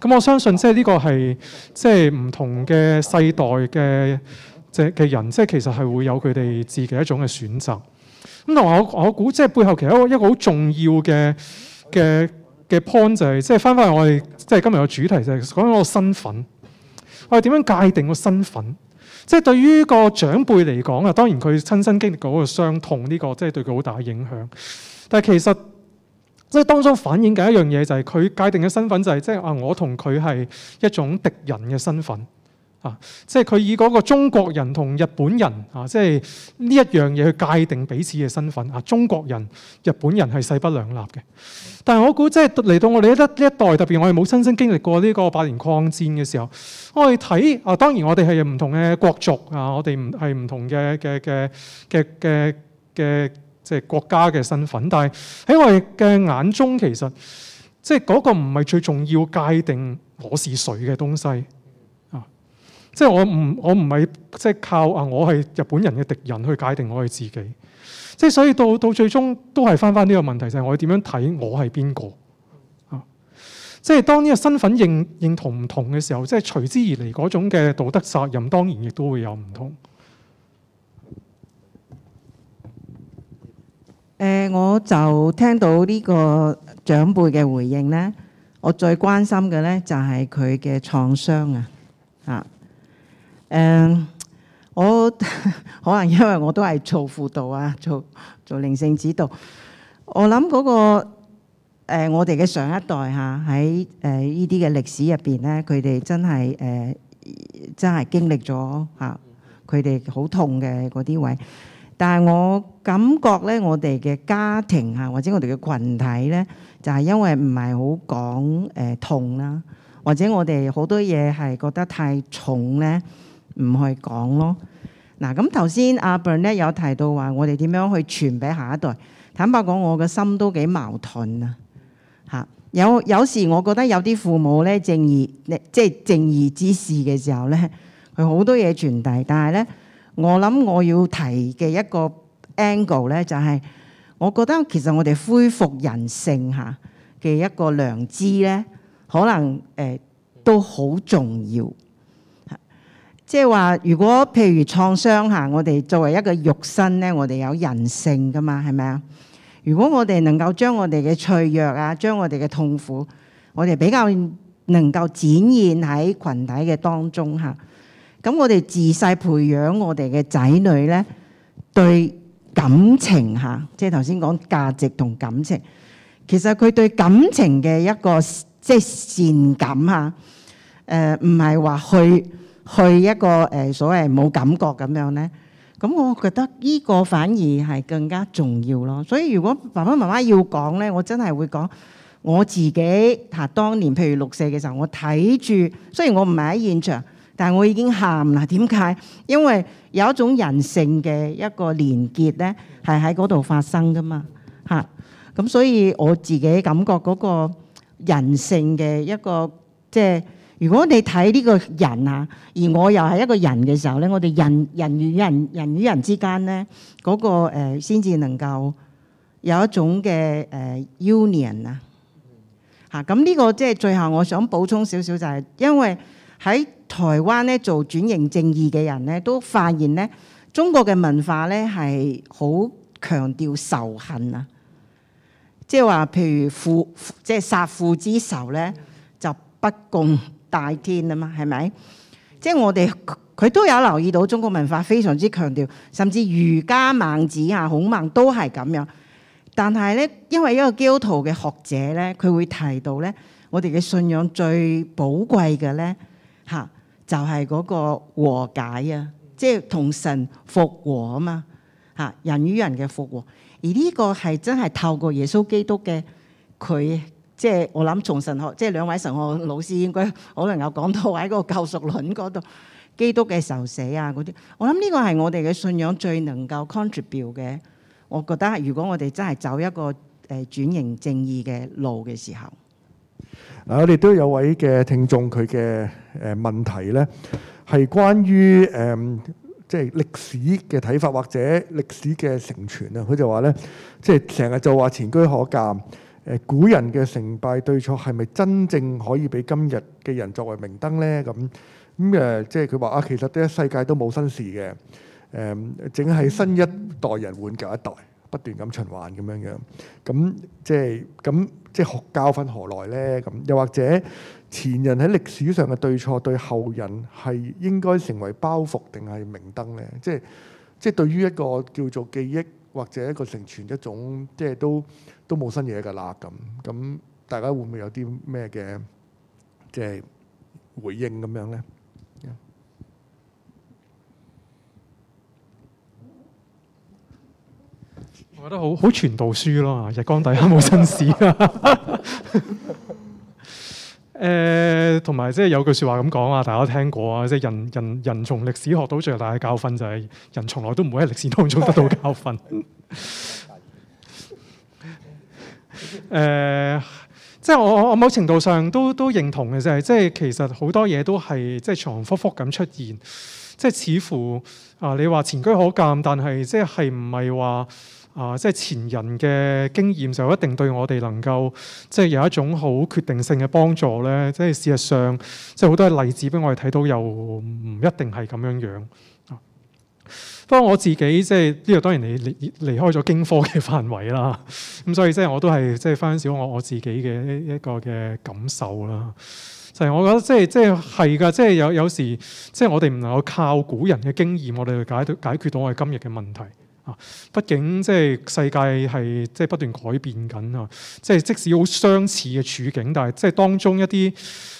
咁我相信即係呢個係即係唔同嘅世代嘅嘅嘅人，即係其實係會有佢哋自己一種嘅選擇。咁同埋我我估即係背後其實一個一個好重要嘅嘅嘅 point 就係即係返返嚟我哋即係今日嘅主題就係講緊個身份，我哋點樣界定個身份。即係對於個長輩嚟講啊，當然佢親身經歷過個傷痛呢個，即係對佢好大影響。但係其實即係當中反映緊一樣嘢，就係、是、佢界定嘅身份就係、是，即係話我同佢係一種敵人嘅身份。啊！即係佢以嗰個中國人同日本人啊，即係呢一樣嘢去界定彼此嘅身份啊。中國人、日本人係勢不兩立嘅。但係我估即係嚟到我哋呢一一代，特別我哋冇親身經歷過呢個八年抗戰嘅時候，我哋睇啊，當然我哋係唔同嘅國族啊，我哋唔係唔同嘅嘅嘅嘅嘅嘅即係國家嘅身份。但係喺我哋嘅眼中，其實即係嗰個唔係最重要界定我是誰嘅東西。即係我唔，我唔係即係靠啊！我係日本人嘅敵人去界定我係自己，即係所以到最終到最終都係翻翻呢個問題，就係我點樣睇我係邊個啊。即係當呢個身份認認同唔同嘅時候，即係隨之而嚟嗰種嘅道德責任，當然亦都會有唔同。誒、呃，我就聽到呢個長輩嘅回應咧，我最關心嘅咧就係佢嘅創傷啊。誒，uh, 我可能因為我都係做輔導啊，做做靈性指導。我諗嗰、嗰個、呃、我哋嘅上一代嚇喺誒呢啲嘅歷史入邊咧，佢哋真係誒、呃、真係經歷咗嚇、啊，佢哋好痛嘅嗰啲位。但係我感覺咧，我哋嘅家庭嚇或者我哋嘅群體咧，就係因為唔係好講誒痛啦，或者我哋好、就是呃啊、多嘢係覺得太重咧。唔去講咯。嗱，咁頭先阿 Burn 咧有提到話，我哋點樣去傳俾下一代？坦白講，我嘅心都幾矛盾啊。嚇，有有時我覺得有啲父母咧正義，即係正義之士嘅時候咧，佢好多嘢傳遞。但係咧，我諗我要提嘅一個 angle 咧，就係我覺得其實我哋恢復人性嚇嘅一個良知咧，可能誒都好重要。即係話，如果譬如創傷吓，我哋作為一個肉身咧，我哋有人性㗎嘛，係咪啊？如果我哋能夠將我哋嘅脆弱啊，將我哋嘅痛苦，我哋比較能夠展現喺群體嘅當中吓。咁我哋自細培養我哋嘅仔女咧，對感情吓，即係頭先講價值同感情，其實佢對感情嘅一個即係、就是、善感啊，誒，唔係話去。去一個誒所謂冇感覺咁樣呢，咁我覺得呢個反而係更加重要咯。所以如果爸爸媽媽要講呢，我真係會講我自己。嚇，當年譬如六四嘅時候，我睇住，雖然我唔係喺現場，但我已經喊啦。點解？因為有一種人性嘅一個連結呢，係喺嗰度發生噶嘛。嚇，咁所以我自己感覺嗰個人性嘅一個即係。如果你睇呢個人啊，而我又係一個人嘅時候咧，我哋人人與人人與人之間咧，嗰、嗰個先至能夠有一種嘅誒 union 啊，嚇！咁呢個即係最後我想補充少少就係，因為喺台灣咧做轉型正義嘅人咧，都發現咧中國嘅文化咧係好強調仇恨啊，即係話譬如父即係殺父之仇咧就不共。大天啊嘛，係咪？即係我哋佢都有留意到，中國文化非常之強調，甚至儒家孟子啊、孔孟都係咁樣。但係咧，因為一個基督徒嘅學者咧，佢會提到咧，我哋嘅信仰最寶貴嘅咧，吓就係、是、嗰個和解啊，即、就、係、是、同神復和啊嘛，吓人與人嘅復和。而呢個係真係透過耶穌基督嘅佢。他即係我諗，從神學即係兩位神學老師應該可能有講到喺嗰個救贖論嗰度，基督嘅受死啊嗰啲，我諗呢個係我哋嘅信仰最能夠 contribute 嘅。我覺得，如果我哋真係走一個誒轉型正義嘅路嘅時候，嗱、啊、我哋都有位嘅聽眾佢嘅誒問題咧，係關於誒、嗯、即係歷史嘅睇法或者歷史嘅承傳啊。佢就話咧，即係成日就話前車可鑑。古人嘅成敗對錯係咪真正可以俾今日嘅人作為明燈呢？咁咁誒，即係佢話啊，其實呢個世界都冇新事嘅，誒、嗯，淨係新一代人換舊一代，不斷咁循環咁樣樣。咁即係咁即係學教訓何來呢？咁又或者前人喺歷史上嘅對錯對後人係應該成為包袱定係明燈呢？即係即係對於一個叫做記憶。或者一個成全一種，即係都都冇新嘢噶啦咁，咁大家會唔會有啲咩嘅即係回應咁樣咧？我覺得好好傳道書咯，日光底下冇新事。 [LAUGHS] [LAUGHS] 誒同埋即係有句說話咁講啊，大家都聽過啊，即係人人人從歷史學到最大嘅教訓，就係人從來都唔會喺歷史當中得到教訓， [LAUGHS] [LAUGHS] 呃。誒、就是，即係我我某程度上都都認同嘅，就係即係其實好多嘢都係即係重復復咁出現，即係似乎啊，你話前車可鑑，但係即係唔係話？啊！即係前人嘅經驗就一定對我哋能夠即係有一種好決定性嘅幫助咧。即係事實上，即係好多例子俾我哋睇到，又唔一定係咁樣樣。不、啊、過我自己即係呢個當然你離離開咗經科嘅範圍啦。咁所以即係我都係即係分享少我我自己嘅一一個嘅感受啦。就係、是、我覺得即係即係係噶，即係有有時即係我哋唔能夠靠古人嘅經驗，我哋去解解決到我哋今日嘅問題。啊，畢竟即係世界係即係不斷改變緊啊！即係即使好相似嘅處境，但係即係當中一啲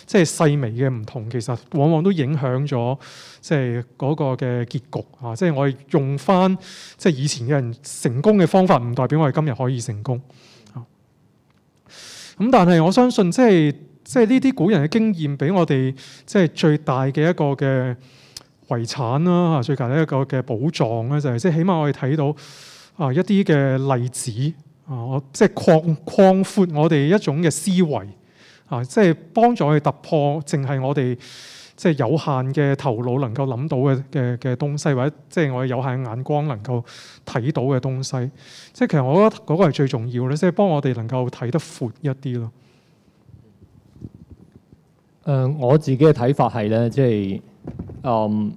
即係細微嘅唔同，其實往往都影響咗即係嗰個嘅結局啊！即係我哋用返即係以前嘅人成功嘅方法，唔代表我哋今日可以成功，咁但係我相信，即係即係呢啲古人嘅經驗，俾我哋即係最大嘅一個嘅遺產啦，最近一個嘅寶藏咧，就係即係起碼我哋睇到啊一啲嘅例子啊，即係擴闊我哋一種嘅思維啊，即係幫助我哋突破淨係我哋即係有限嘅頭腦能夠諗到嘅嘅嘅東西，或者即係我哋有限嘅眼光能夠睇到嘅東西。即係其實我覺得嗰個係最重要咧，即係幫我哋能夠睇得闊一啲咯。誒，我自己嘅睇法係咧，即係。嗯，um,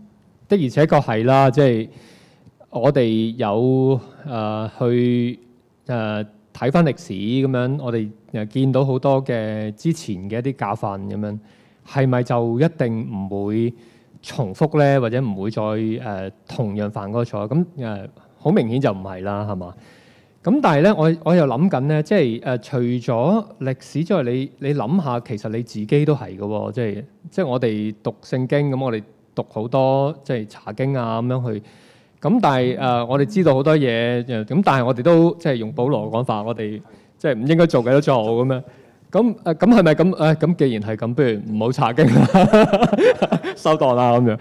的而且確係啦，即係我哋有誒去誒睇翻歷史咁樣，我哋又見到好多嘅之前嘅一啲教訓咁樣，係咪就一定唔會重複咧，或者唔會再誒同樣犯嗰個錯？咁誒，好明顯就唔係啦，係嘛？咁但係咧，我我又諗緊咧，即係誒，除咗歷史之外，你你諗下，其實你自己都係嘅喎，即係即係我哋讀聖經，咁我哋讀好多即係查經啊咁樣去。咁但係誒，我哋知道好多嘢，咁但係我哋都即係用保羅嘅講法，我哋即係唔應該做嘅都做咁樣。咁誒，咁係咪咁？誒，咁既然係咁，不如唔好查經啦，收檔啦咁樣。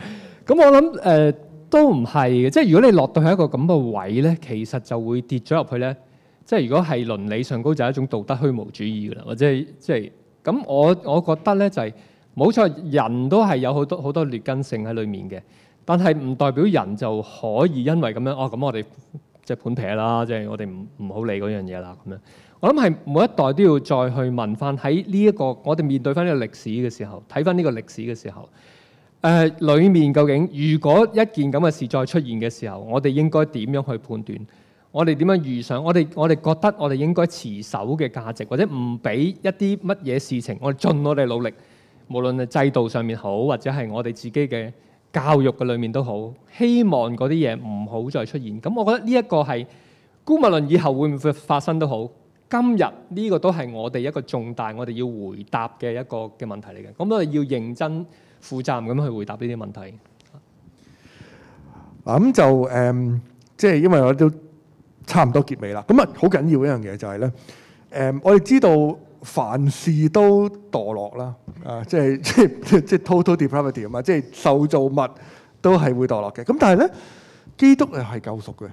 咁我諗誒。都唔係嘅，即係如果你落到係一個咁嘅位咧，其實就會跌咗入去咧。即係如果係倫理上高，就係一種道德虛無主義噶啦，或者係即係咁。我我覺得咧就係冇錯，人都係有好多好多劣根性喺裡面嘅，但係唔代表人就可以因為咁樣哦，咁我哋即係盤劈啦，即係我哋唔唔好理嗰樣嘢啦咁樣。我諗係每一代都要再去問翻，喺呢一個我哋面對翻呢個歷史嘅時候，睇翻呢個歷史嘅時候。誒，裏面究竟如果一件咁嘅事再出現嘅時候，我哋應該點樣去判斷？我哋點樣預想？我哋我哋覺得我哋應該持守嘅價值，或者唔俾一啲乜嘢事情，我哋盡我哋努力，無論係制度上面好，或者係我哋自己嘅教育嘅裏面都好，希望嗰啲嘢唔好再出現。咁我覺得呢一個係姑勿論以後會唔會發生都好，今日呢個都係我哋一個重大，我哋要回答嘅一個嘅問題嚟嘅。咁我哋要認真負責任咁去回答呢啲問題。嗱咁，就誒，即係因為我都差唔多結尾啦。咁啊，好緊要一樣嘢就係咧，誒，我哋知道凡事都墮落啦，啊，即係即即即 total depravity 啊嘛，即係受造物都係會墮落嘅。咁但係咧，基督啊係救贖嘅。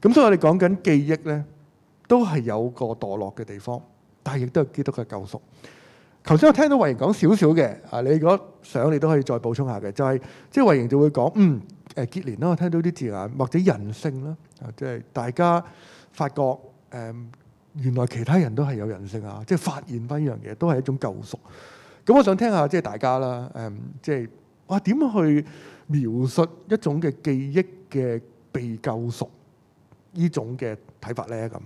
咁所以我哋講緊記憶咧，都係有個墮落嘅地方，但係亦都係基督嘅救贖。頭先我聽到慧嫈講少少嘅，啊，你如果想，你都可以再補充一下嘅，就係即係慧嫈就會講，嗯，誒結連啦，我聽到啲字眼，或者人性啦，即係大家發覺，誒，原來其他人都係有人性啊，即係發現翻呢樣嘢都係一種救贖。咁我想聽一下即係大家啦，誒，即係哇點去描述一種嘅記憶嘅被救贖呢種嘅睇法咧？咁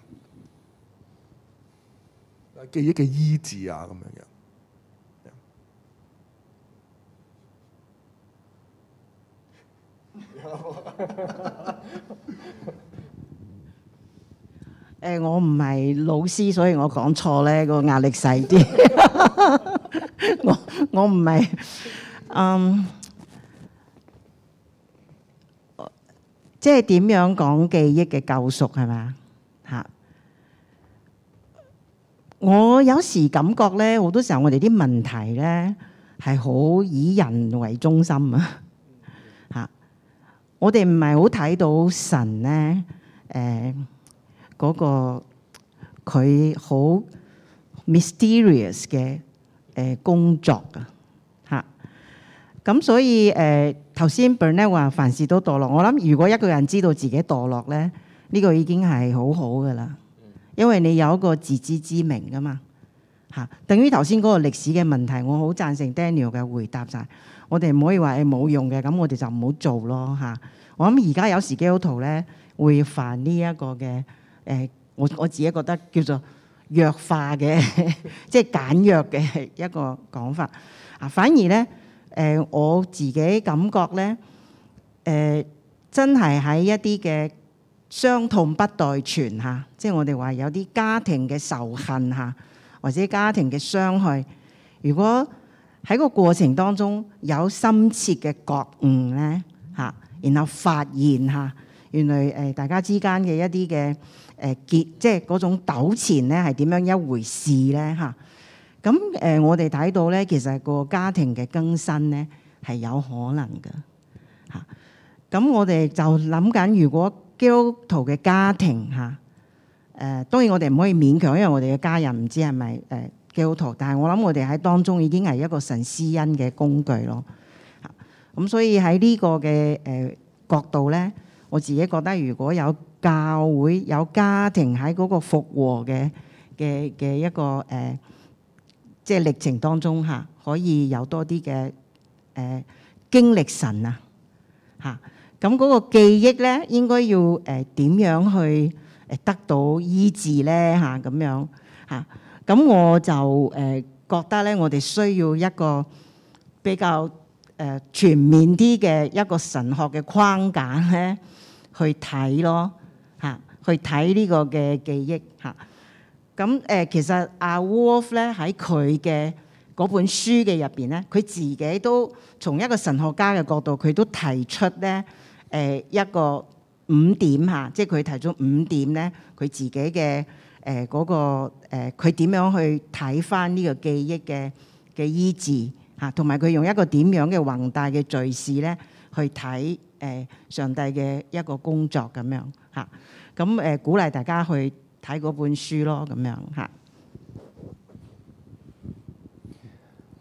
記憶嘅醫治啊，咁樣樣。誒， [LAUGHS] 我唔係老師，所以我講錯咧，個壓力細啲。 [LAUGHS] 我我唔係，嗯、um,，即係點樣講記憶嘅救贖係咪吓？我有時感覺咧，好多時候我哋啲問題咧係好以人為中心啊。我哋唔係好睇到神咧，誒、呃、嗰、那個佢好 mysterious 嘅誒工作噶嚇。咁、啊、所以誒頭先 Bernard 話凡事都墮落，我諗如果一個人知道自己墮落咧，呢、這個已經係好好噶啦，因為你有一個自知之明噶嘛嚇、啊。等於頭先嗰個歷史嘅問題，我好贊成 Daniel 嘅回答晒。我哋唔可以話係冇用嘅，咁我哋就唔好做咯嚇。我諗而家有時基督徒咧，會犯呢一個嘅誒，我我自己覺得叫做弱化嘅，即係簡弱嘅一個講法啊。反而咧誒，我自己感覺咧誒，真係喺一啲嘅傷痛不待傳嚇，即係我哋話有啲家庭嘅仇恨嚇，或者家庭嘅傷害，如果喺個過程當中有深切嘅覺悟咧嚇，然後發現嚇原來誒大家之間嘅一啲嘅誒結，即係嗰種糾纏咧係點樣一回事咧嚇。咁誒我哋睇到咧，其實個家庭嘅更新咧係有可能嘅嚇。咁我哋就諗緊，如果基督徒嘅家庭嚇誒，當然我哋唔可以勉強，因為我哋嘅家人唔知係咪誒。幾好圖，但係我諗我哋喺當中已經係一個神施恩嘅工具咯。咁所以喺呢個嘅誒、呃、角度咧，我自己覺得如果有教會有家庭喺嗰個復和嘅嘅嘅一個誒、呃，即係歷程當中嚇、啊，可以有多啲嘅誒經歷神啊嚇。咁嗰個記憶咧，應該要誒點、呃、樣去誒得到醫治咧嚇？咁、啊、樣嚇。啊。咁我就誒覺得咧，我哋需要一個比較誒全面啲嘅一個神學嘅框架咧，去睇咯嚇，去睇呢個嘅記憶嚇。咁誒其實阿 Wolf 咧喺佢嘅嗰本書嘅入邊咧，佢自己都從一個神學家嘅角度，佢都提出咧誒一個五點嚇，即係佢提出五點咧，佢自己嘅。誒嗰、呃那個佢點、呃、樣去睇翻呢個記憶嘅嘅醫治嚇，同埋佢用一個點樣嘅宏大嘅敘事咧去睇誒、呃、上帝嘅一個工作咁樣嚇，咁、啊、誒、啊呃、鼓勵大家去睇嗰本書咯咁樣嚇。啊、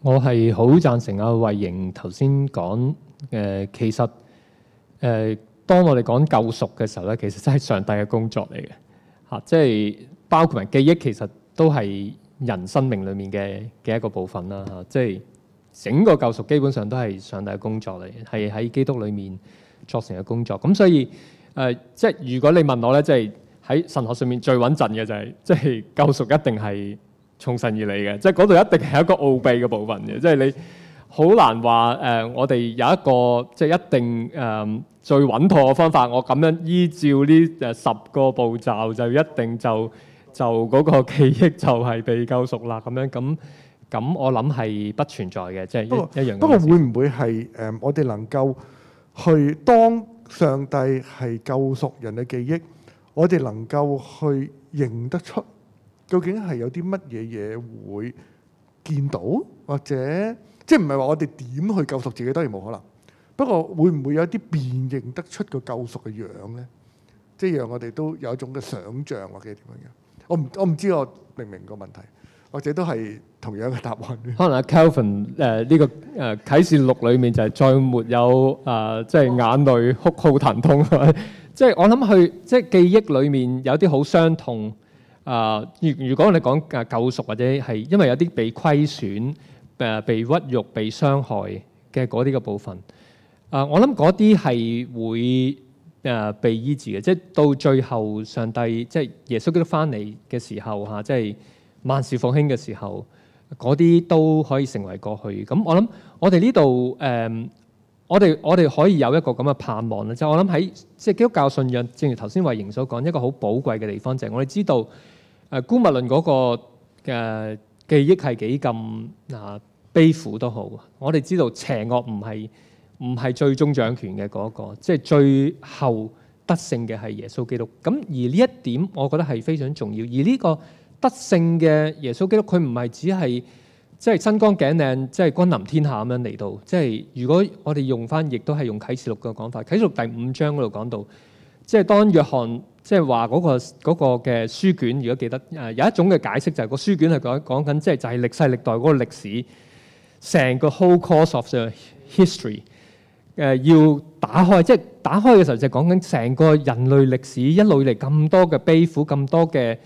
我係好贊成阿、啊、慧嫈頭先講誒，其實誒、呃、當我哋講救贖嘅時候咧，其實真係上帝嘅工作嚟嘅嚇，即係。包括埋記憶，其實都係人生命裏面嘅嘅一個部分啦。嚇、啊，即、就、係、是、整個救贖基本上都係上帝嘅工作嚟，係喺基督裏面作成嘅工作。咁所以誒，即、呃、係、就是、如果你問我咧，即係喺神學上面最穩陣嘅就係即係救贖一定係從神而嚟嘅，即係嗰度一定係一個奧秘嘅部分嘅。即、就、係、是、你好難話誒、呃，我哋有一個即係、就是、一定誒、呃、最穩妥嘅方法，我咁樣依照呢十個步驟就一定就。就嗰個記憶就係被救贖啦，咁樣咁咁，我諗係不存在嘅，即係一樣嘅。不過，不過會唔會係誒？我哋能夠去當上帝係救贖人嘅記憶，我哋能夠去認得出究竟係有啲乜嘢嘢會見到，或者即係唔係話我哋點去救贖自己？當然冇可能。不過，會唔會有啲辨認得出個救贖嘅樣呢？即係讓我哋都有一種嘅想像，或者點樣樣？我唔我唔知我明唔明個問題，或者都係同樣嘅答案。可能阿 Kelvin 誒、呃、呢、這個誒啟示錄裡面就係再沒有誒即係眼淚哭號疼痛，即 [LAUGHS] 係我諗佢，即、就、係、是、記憶裏面有啲好傷痛啊、呃。如如果我哋講啊救贖或者係因為有啲被虧損誒、呃、被屈辱、被傷害嘅嗰啲嘅部分啊、呃，我諗嗰啲係會。誒、啊、被醫治嘅，即係到最後上帝即係耶穌基督翻嚟嘅時候嚇，即係萬事復興嘅時候，嗰、啊、啲都可以成為過去。咁我諗我哋呢度誒，我哋我哋可以有一個咁嘅盼望啦、就是。即係我諗喺即係基督教信仰，正如頭先慧嫈所講，一個好寶貴嘅地方就係、是、我哋知道誒、那個姑勿論嗰個嘅記憶係幾咁嗱悲苦都好，我哋知道邪惡唔係。唔係最終掌權嘅嗰個，即係最後得勝嘅係耶穌基督。咁而呢一點，我覺得係非常重要。而呢個得勝嘅耶穌基督，佢唔係只係即係身光頸靚，即係君臨天下咁樣嚟到。即係如果我哋用翻，亦都係用啟示錄嘅講法，啟示錄第五章嗰度講到，即係當約翰即係話嗰個嗰個嘅書卷，如果記得有一種嘅解釋就係個書卷係講講緊，即係就係歷世歷代嗰個歷史成個 whole course of the history。誒要打開，即係打開嘅時候就講緊成個人類歷史一路以嚟咁多嘅悲苦、咁多嘅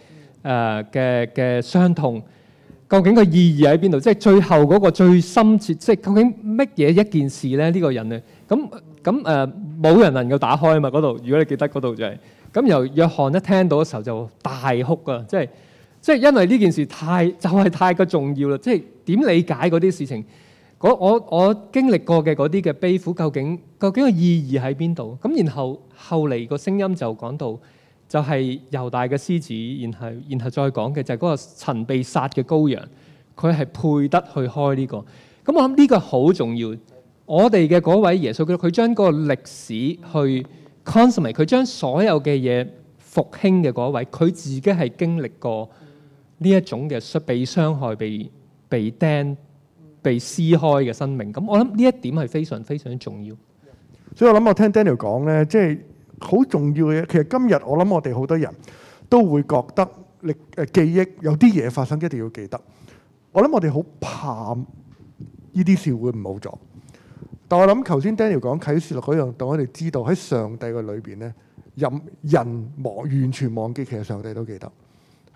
誒嘅嘅傷痛，究竟個意義喺邊度？即係最後嗰個最深切，即係究竟乜嘢一件事咧？呢個人咧，咁咁誒冇人能夠打開啊嘛！嗰度，如果你記得嗰度就係咁。由約翰一聽到嘅時候就大哭㗎，即係即係因為呢件事太就係太過重要啦。即係點理解嗰啲事情？我我經歷過嘅嗰啲嘅悲苦究，究竟究竟個意義喺邊度？咁然後後嚟個聲音就講到，就係猶大嘅獅子，然後然後再講嘅就係嗰個曾被殺嘅羔羊，佢係配得去開呢、這個。咁我諗呢個好重要。我哋嘅嗰位耶穌基督，佢將嗰個歷史去 consummate，佢將所有嘅嘢復興嘅嗰位，佢自己係經歷過呢一種嘅被傷害、被被釘。被撕開嘅生命，咁我諗呢一點係非常非常重要。所以我諗我聽 Daniel 講咧，即係好重要嘅嘢。其實今日我諗我哋好多人都會覺得力誒記憶有啲嘢發生一定要記得。我諗我哋好怕呢啲事會唔好做。但我諗頭先 Daniel 講啟示錄嗰樣，但我哋知道喺上帝嘅裏邊咧，任人忘完全忘記，其實上帝都記得。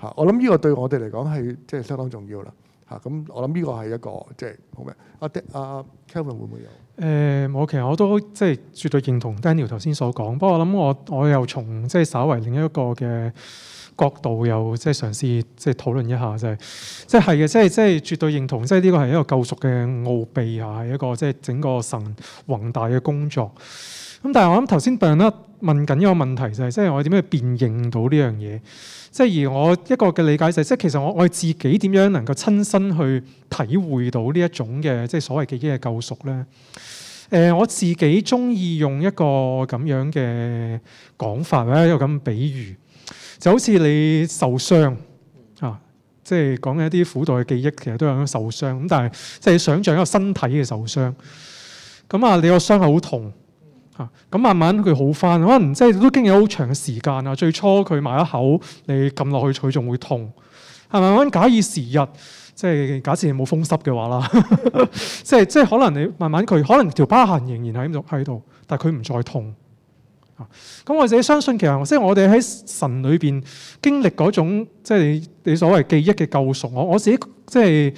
吓，我諗呢個對我哋嚟講係即係相當重要啦。咁、啊、我諗呢個係一個即係好咩？阿阿 Kelvin 會唔會有？誒、嗯，我其實我都即係、就是、絕對認同 Daniel 頭先所講，不過我諗我我又從即係、就是、稍為另一個嘅角度又即係、就是、嘗試即係、就是、討論一下就係即係係嘅，即係即係絕對認同，即係呢個係一個救贖嘅奧秘啊，係一個即係、就是、整個神宏大嘅工作。咁但係我諗頭先 Ben 咧問緊一個問題就係即係我點樣去辨認到呢樣嘢？即係而我一個嘅理解就係、是，即係其實我我自己點樣能夠親身去體會到呢一種嘅即係所謂記憶嘅救贖咧？誒、呃，我自己鍾意用一個咁樣嘅講法咧，一個咁比喻，就好似你受傷、嗯、啊，即係講緊一啲苦代嘅記憶，其實都有咁受傷咁，但係即係想像一個身體嘅受傷，咁啊，你個傷口好痛。咁慢慢佢好翻，可能即係都經歷好長嘅時間啊。最初佢埋一口，你撳落去，佢仲會痛。係慢慢假以時日，即係假設你冇風濕嘅話啦， [LAUGHS] [LAUGHS] 即係即係可能你慢慢佢可能條疤痕仍然喺度喺度，但係佢唔再痛。咁我自己相信其實即係我哋喺神裏邊經歷嗰種即係你所謂記憶嘅救贖。我我自己即係。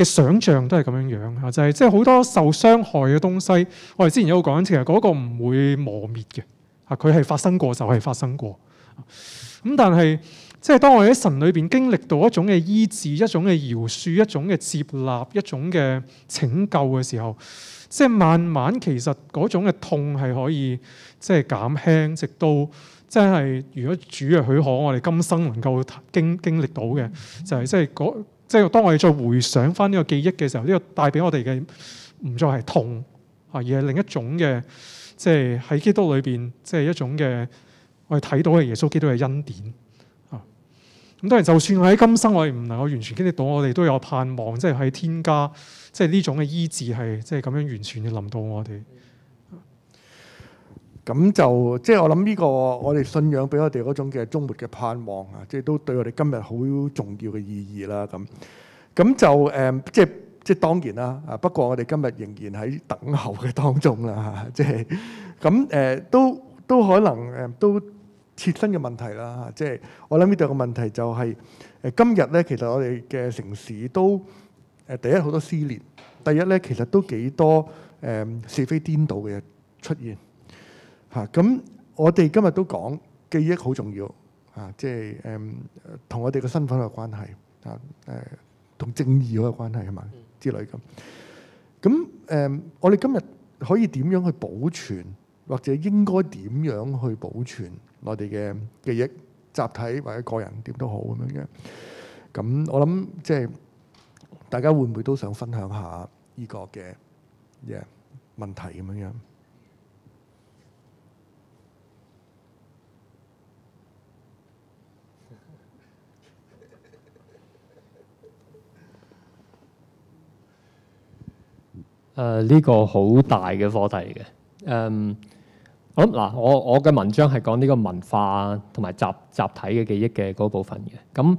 嘅想像都係咁樣樣啊，就係即係好多受傷害嘅東西，我哋之前有講，其實嗰個唔會磨滅嘅啊，佢係發生過就係發生過。咁但係即係當我哋喺神裏邊經歷到一種嘅醫治、一種嘅饒恕、一種嘅接納、一種嘅拯救嘅時候，即係慢慢其實嗰種嘅痛係可以即係減輕，直到即係如果主嘅許可，我哋今生能夠經經歷到嘅就係即係即係當我哋再回想翻呢個記憶嘅時候，呢個帶俾我哋嘅唔再係痛啊，而係另一種嘅，即係喺基督裏邊，即係一種嘅我哋睇到嘅耶穌基督嘅恩典啊。咁當然，就算我喺今生我哋唔能夠完全經歷到，我哋都有盼望，即係喺天家，即係呢種嘅醫治係，即係咁樣完全嘅臨到我哋。咁就即係、就是、我諗呢、這個我哋信仰俾我哋嗰種嘅終末嘅盼望啊，即、就、係、是、都對我哋今日好重要嘅意義啦。咁咁就誒，即係即係當然啦。啊，不過我哋今日仍然喺等候嘅當中啦。吓、就是，即係咁誒，都都可能誒、嗯，都切身嘅問題啦。即、就、係、是、我諗呢度嘅問題就係、是、誒，今日咧，其實我哋嘅城市都誒，第一好多撕裂，第一咧，其實都幾多誒、嗯、是非顛倒嘅出現。嚇，咁我哋今日都講記憶好重要，嚇，即係誒，同我哋嘅身份有關係，嚇誒，同正義好有關係係嘛，之類咁。咁誒，我哋今日可以點樣去保存，或者應該點樣去保存我哋嘅記憶、集體或者個人，點都好咁樣樣。咁我諗即係大家會唔會都想分享一下呢個嘅嘢問題咁樣樣？誒呢個好大嘅課題嘅，誒我諗嗱，我我嘅文章係講呢個文化同埋集集體嘅記憶嘅嗰部分嘅，咁、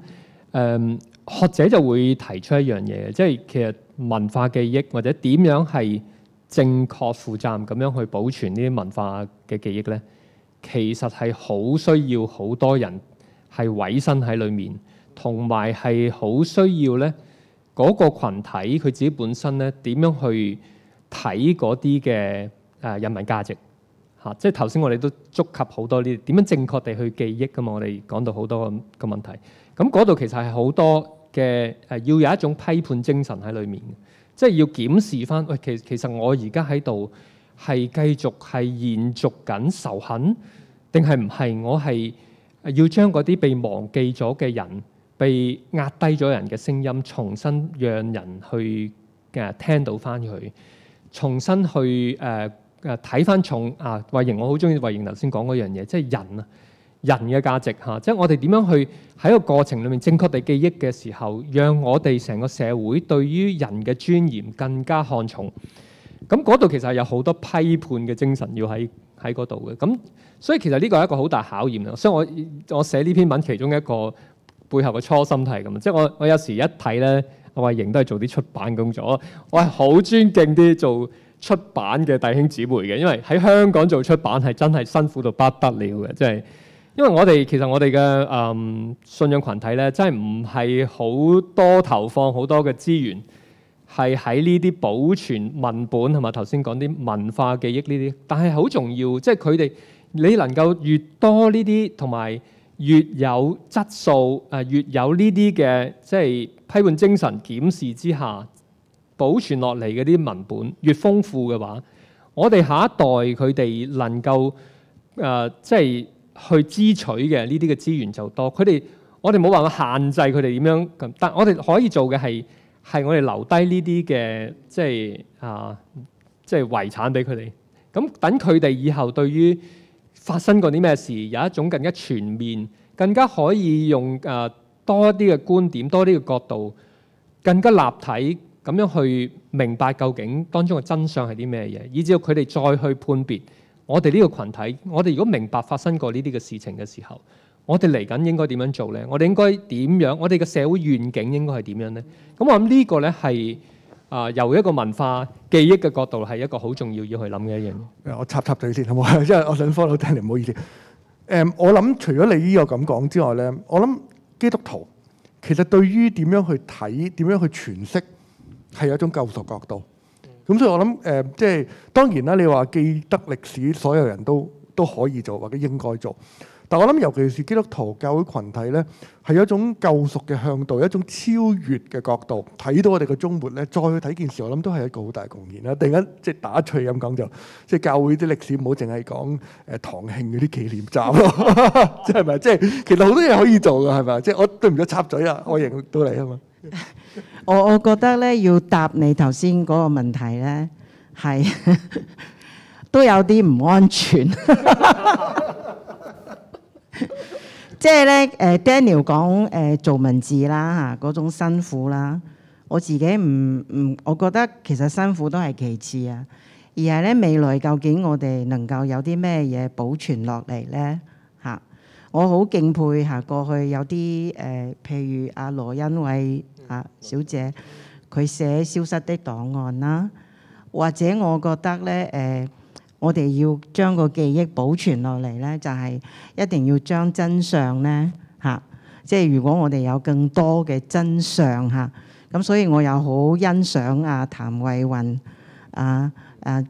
嗯、誒學者就會提出一樣嘢，即係其實文化記憶或者點樣係正確負責咁樣去保存呢啲文化嘅記憶咧，其實係好需要好多人係委身喺裡面，同埋係好需要咧嗰、那個羣體佢自己本身咧點樣去。睇嗰啲嘅誒人民價值嚇，即係頭先我哋都觸及好多呢啲點樣正確地去記憶咁嘛。我哋講到好多個個問題，咁嗰度其實係好多嘅誒，要有一種批判精神喺裏面，即係要檢視翻喂，其其實我而家喺度係繼續係延續緊仇恨，定係唔係我係要將嗰啲被忘記咗嘅人、被壓低咗人嘅聲音，重新讓人去嘅聽到翻佢。重新去誒誒睇翻重啊，慧嫈，我好中意慧嫈頭先講嗰樣嘢，即係人，人的啊，人嘅價值嚇，即係我哋點樣去喺個過程裡面正確地記憶嘅時候，讓我哋成個社會對於人嘅尊嚴更加看重。咁嗰度其實係有好多批判嘅精神要喺喺嗰度嘅。咁所以其實呢個係一個好大考驗啦。所以我我寫呢篇文其中一個背後嘅初心係咁，即係我我有時一睇咧。我亦都係做啲出版工作，我係好尊敬啲做出版嘅弟兄姊妹嘅，因為喺香港做出版係真係辛苦到不得了嘅，即係因為我哋其實我哋嘅嗯信仰群體咧，真係唔係好多投放好多嘅資源，係喺呢啲保存文本同埋頭先講啲文化記憶呢啲，但係好重要，即係佢哋你能夠越多呢啲，同埋越有質素，誒越有呢啲嘅即係，就是批判精神檢視之下，保存落嚟嗰啲文本越豐富嘅話，我哋下一代佢哋能夠誒、呃，即係去支取嘅呢啲嘅資源就多。佢哋我哋冇辦法限制佢哋點樣咁，但我哋可以做嘅係係我哋留低呢啲嘅，即係啊、呃，即係遺產俾佢哋。咁等佢哋以後對於發生過啲咩事，有一種更加全面、更加可以用誒。呃多一啲嘅觀點，多啲嘅角度，更加立體咁樣去明白究竟當中嘅真相係啲咩嘢，以至到佢哋再去判別我哋呢個群體。我哋如果明白發生過呢啲嘅事情嘅時候，我哋嚟緊應該點樣做咧？我哋應該點樣？我哋嘅社會願景應該係點樣咧？咁我諗呢個咧係啊由一個文化記憶嘅角度，係一個好重要要去諗嘅一樣。我插插嘴先好冇？即係我想 follow 聽你，唔好意思。誒，我諗除咗你呢個咁講之外咧，我諗。基督徒其實對於點樣去睇、點樣去詮釋，係有一種救贖角度。咁、嗯、所以我諗誒、呃，即係當然啦。你話記得歷史，所有人都都可以做或者應該做。但我諗，尤其是基督徒教會群體咧。係一種救贖嘅向度，一種超越嘅角度，睇到我哋嘅終末咧，再去睇件事，我諗都係一個好大貢獻啦。突然間即係打趣咁講就，即係教會啲歷史唔好淨係講誒堂慶嗰啲紀念站咯，即係咪？即係其實好多嘢可以做噶，係咪？即係我對唔住插嘴啦，我認到你啊嘛。我我覺得咧要答你頭先嗰個問題咧，係都有啲唔安全。 [LAUGHS] 即係咧，誒 Daniel 講誒做文字啦嚇，嗰種辛苦啦，我自己唔唔，我覺得其實辛苦都係其次啊，而係咧未來究竟我哋能夠有啲咩嘢保存落嚟咧嚇，我好敬佩嚇過去有啲誒，譬如阿羅恩惠阿小姐佢寫消失的檔案啦，或者我覺得咧誒。呃我哋要將個記憶保存落嚟咧，就係一定要將真相咧嚇，即係如果我哋有更多嘅真相嚇，咁所以我又好欣賞啊，譚慧雲啊啊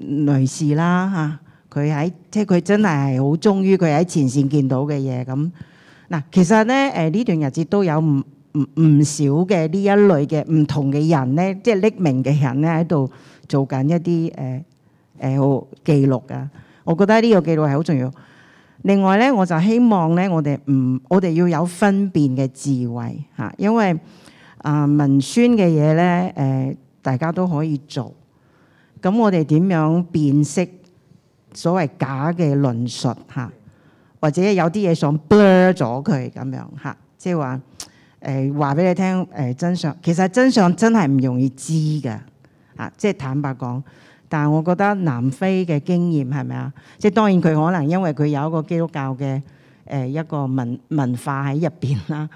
女士啦嚇，佢喺即係佢真係係好忠於佢喺前線見到嘅嘢咁。嗱，其實咧誒呢段日子都有唔唔唔少嘅呢一類嘅唔同嘅人咧，即係匿名嘅人咧喺度做緊一啲誒。誒，好記錄啊！我覺得呢個記錄係好重要。另外咧，我就希望咧，我哋唔，我哋要有分辨嘅智慧嚇，因為啊、呃、文宣嘅嘢咧，誒、呃、大家都可以做。咁我哋點樣辨識所謂假嘅論述嚇？或者有啲嘢想 blur 咗佢咁樣嚇，即係話誒話俾你聽誒、呃、真相。其實真相真係唔容易知噶啊！即係坦白講。但係我覺得南非嘅經驗係咪啊？即係當然佢可能因為佢有一個基督教嘅誒一個文文化喺入邊啦。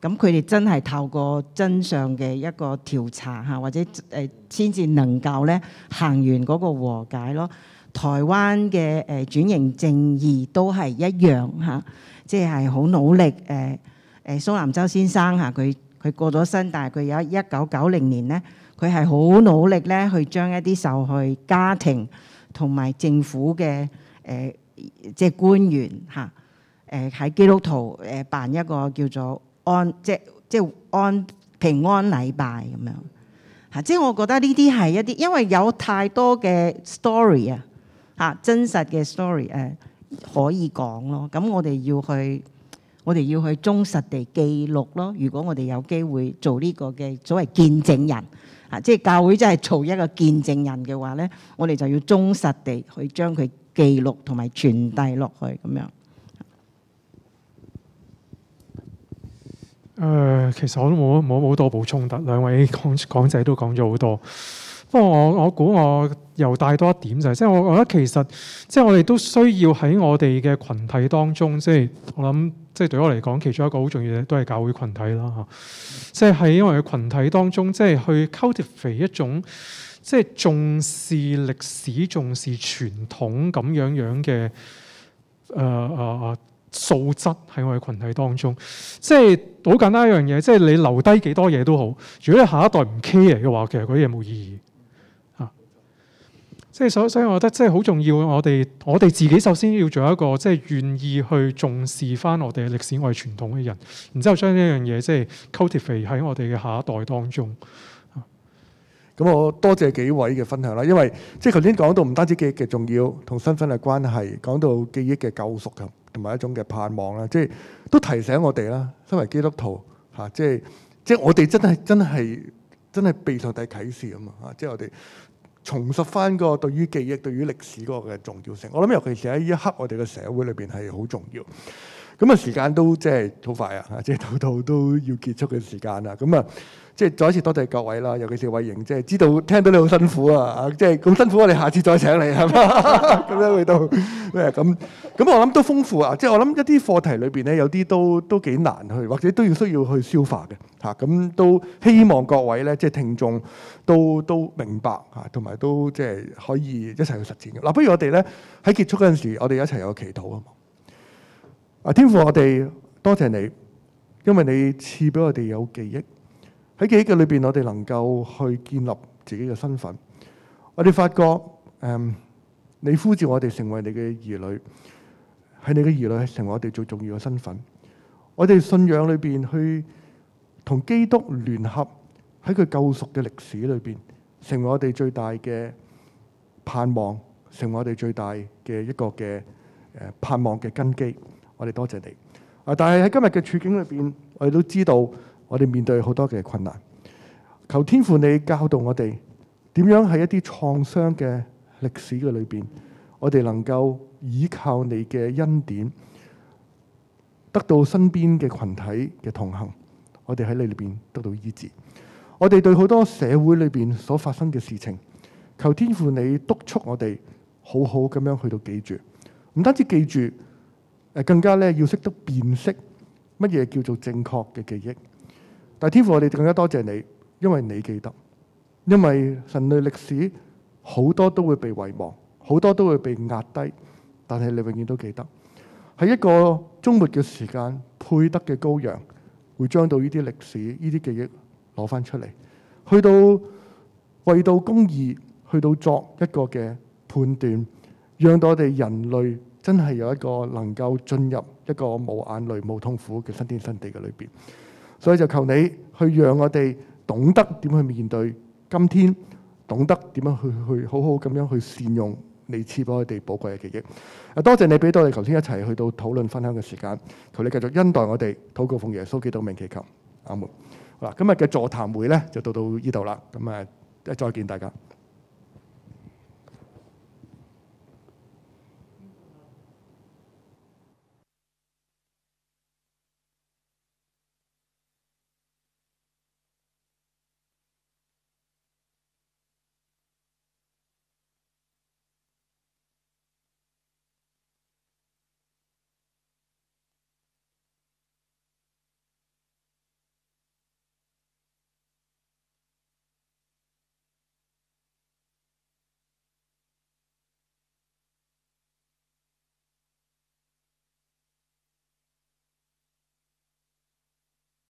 咁佢哋真係透過真相嘅一個調查嚇，或者誒先至能夠咧行完嗰個和解咯。台灣嘅誒轉型正義都係一樣嚇，即係好努力誒誒蘇南洲先生嚇，佢佢過咗身，但係佢有一九九零年咧。佢係好努力咧，去將一啲受害家庭同埋政府嘅誒、呃，即係官員嚇誒喺基督徒誒、呃、辦一個叫做安即即安平安禮拜咁樣嚇、啊，即係我覺得呢啲係一啲，因為有太多嘅 story 啊嚇真實嘅 story 誒、啊、可以講咯，咁我哋要去我哋要去忠實地記錄咯。如果我哋有機會做呢個嘅所謂見證人。即係教會真係做一個見證人嘅話咧，我哋就要忠實地去將佢記錄同埋傳遞落去咁樣。誒、呃，其實我都冇冇好多補充得，兩位講講者都講咗好多。不過我我估我又帶多一點就係，即係我覺得其實即係我哋都需要喺我哋嘅群體當中，即係我諗。即係對我嚟講，其中一個好重要嘅都係教會群體啦嚇。即係喺我哋嘅羣體當中，即係去 cultivate 一種即係重視歷史、重視傳統咁樣樣嘅誒誒誒素質喺我哋群體當中。即係好簡單一樣嘢，即係你留低幾多嘢都好。如果你下一代唔 care 嘅話，其實嗰啲嘢冇意義。即係所所以，我覺得即係好重要。我哋我哋自己首先要做一個即係願意去重視翻我哋嘅歷史、我哋傳統嘅人，然之後將呢樣嘢即係 cultivate 喺我哋嘅下一代當中。咁我多謝幾位嘅分享啦。因為即係頭先講到唔單止記憶嘅重要同身份嘅關係，講到記憶嘅救贖同同埋一種嘅盼望啦。即係都提醒我哋啦，身為基督徒嚇，即係即係我哋真係真係真係被上帝啟示吖嘛！即係我哋。重拾翻個對於記憶、對於歷史個嘅重要性，我諗尤其是喺呢一刻，我哋嘅社會裏面係好重要。咁啊，時間都即係好快啊！即係到到都要結束嘅時間啦。咁啊，即係再一次多謝各位啦，尤其是慧嫈，即係知道聽到你好辛苦啊！即係咁辛苦，我哋下次再請你係嘛？咁樣去到咩？咁咁 [LAUGHS] [LAUGHS] 我諗都豐富啊！即係我諗一啲課題裏邊咧，有啲都都幾難去，或者都要需要去消化嘅嚇。咁都希望各位咧，即係聽眾都都明白嚇，同埋都即係可以一齊去實踐嘅。嗱，不如我哋咧喺結束嗰陣時候，我哋一齊有個祈禱啊！啊！天父我，我哋多謝你，因為你賜俾我哋有記憶，喺記憶嘅裏邊，我哋能夠去建立自己嘅身份。我哋發覺，誒、嗯，你呼召我哋成為你嘅兒女，係你嘅兒女係成為我哋最重要嘅身份。我哋信仰裏邊去同基督聯合，喺佢救贖嘅歷史裏邊，成為我哋最大嘅盼望，成為我哋最大嘅一個嘅誒盼望嘅根基。我哋多謝你。啊，但係喺今日嘅處境裏邊，我哋都知道我哋面對好多嘅困難。求天父你教導我哋點樣喺一啲創傷嘅歷史嘅裏邊，我哋能夠依靠你嘅恩典，得到身邊嘅群體嘅同行，我哋喺你裏邊得到醫治。我哋對好多社會裏邊所發生嘅事情，求天父你督促我哋好好咁樣去到記住，唔單止記住。誒，更加咧要識得辨識乜嘢叫做正確嘅記憶，但天父，我哋更加多謝你，因為你記得，因為人類歷史好多都會被遺忘，好多都會被壓低，但係你永遠都記得。喺一個終末嘅時間，配得嘅羔羊會將到呢啲歷史、呢啲記憶攞翻出嚟，去到為到公義，去到作一個嘅判斷，讓到我哋人類，真係有一個能夠進入一個冇眼淚冇痛苦嘅新天新地嘅裏邊，所以就求你去讓我哋懂得點去面對今天，懂得點樣去去好好咁樣去善用你賜俾我哋寶貴嘅記憶。多謝你俾到我哋頭先一齊去到討論分享嘅時間，求你繼續恩待我哋，禱告奉耶穌基督名祈求，阿門。好啦，今日嘅座談會呢，就到到呢度啦，咁啊一再見大家。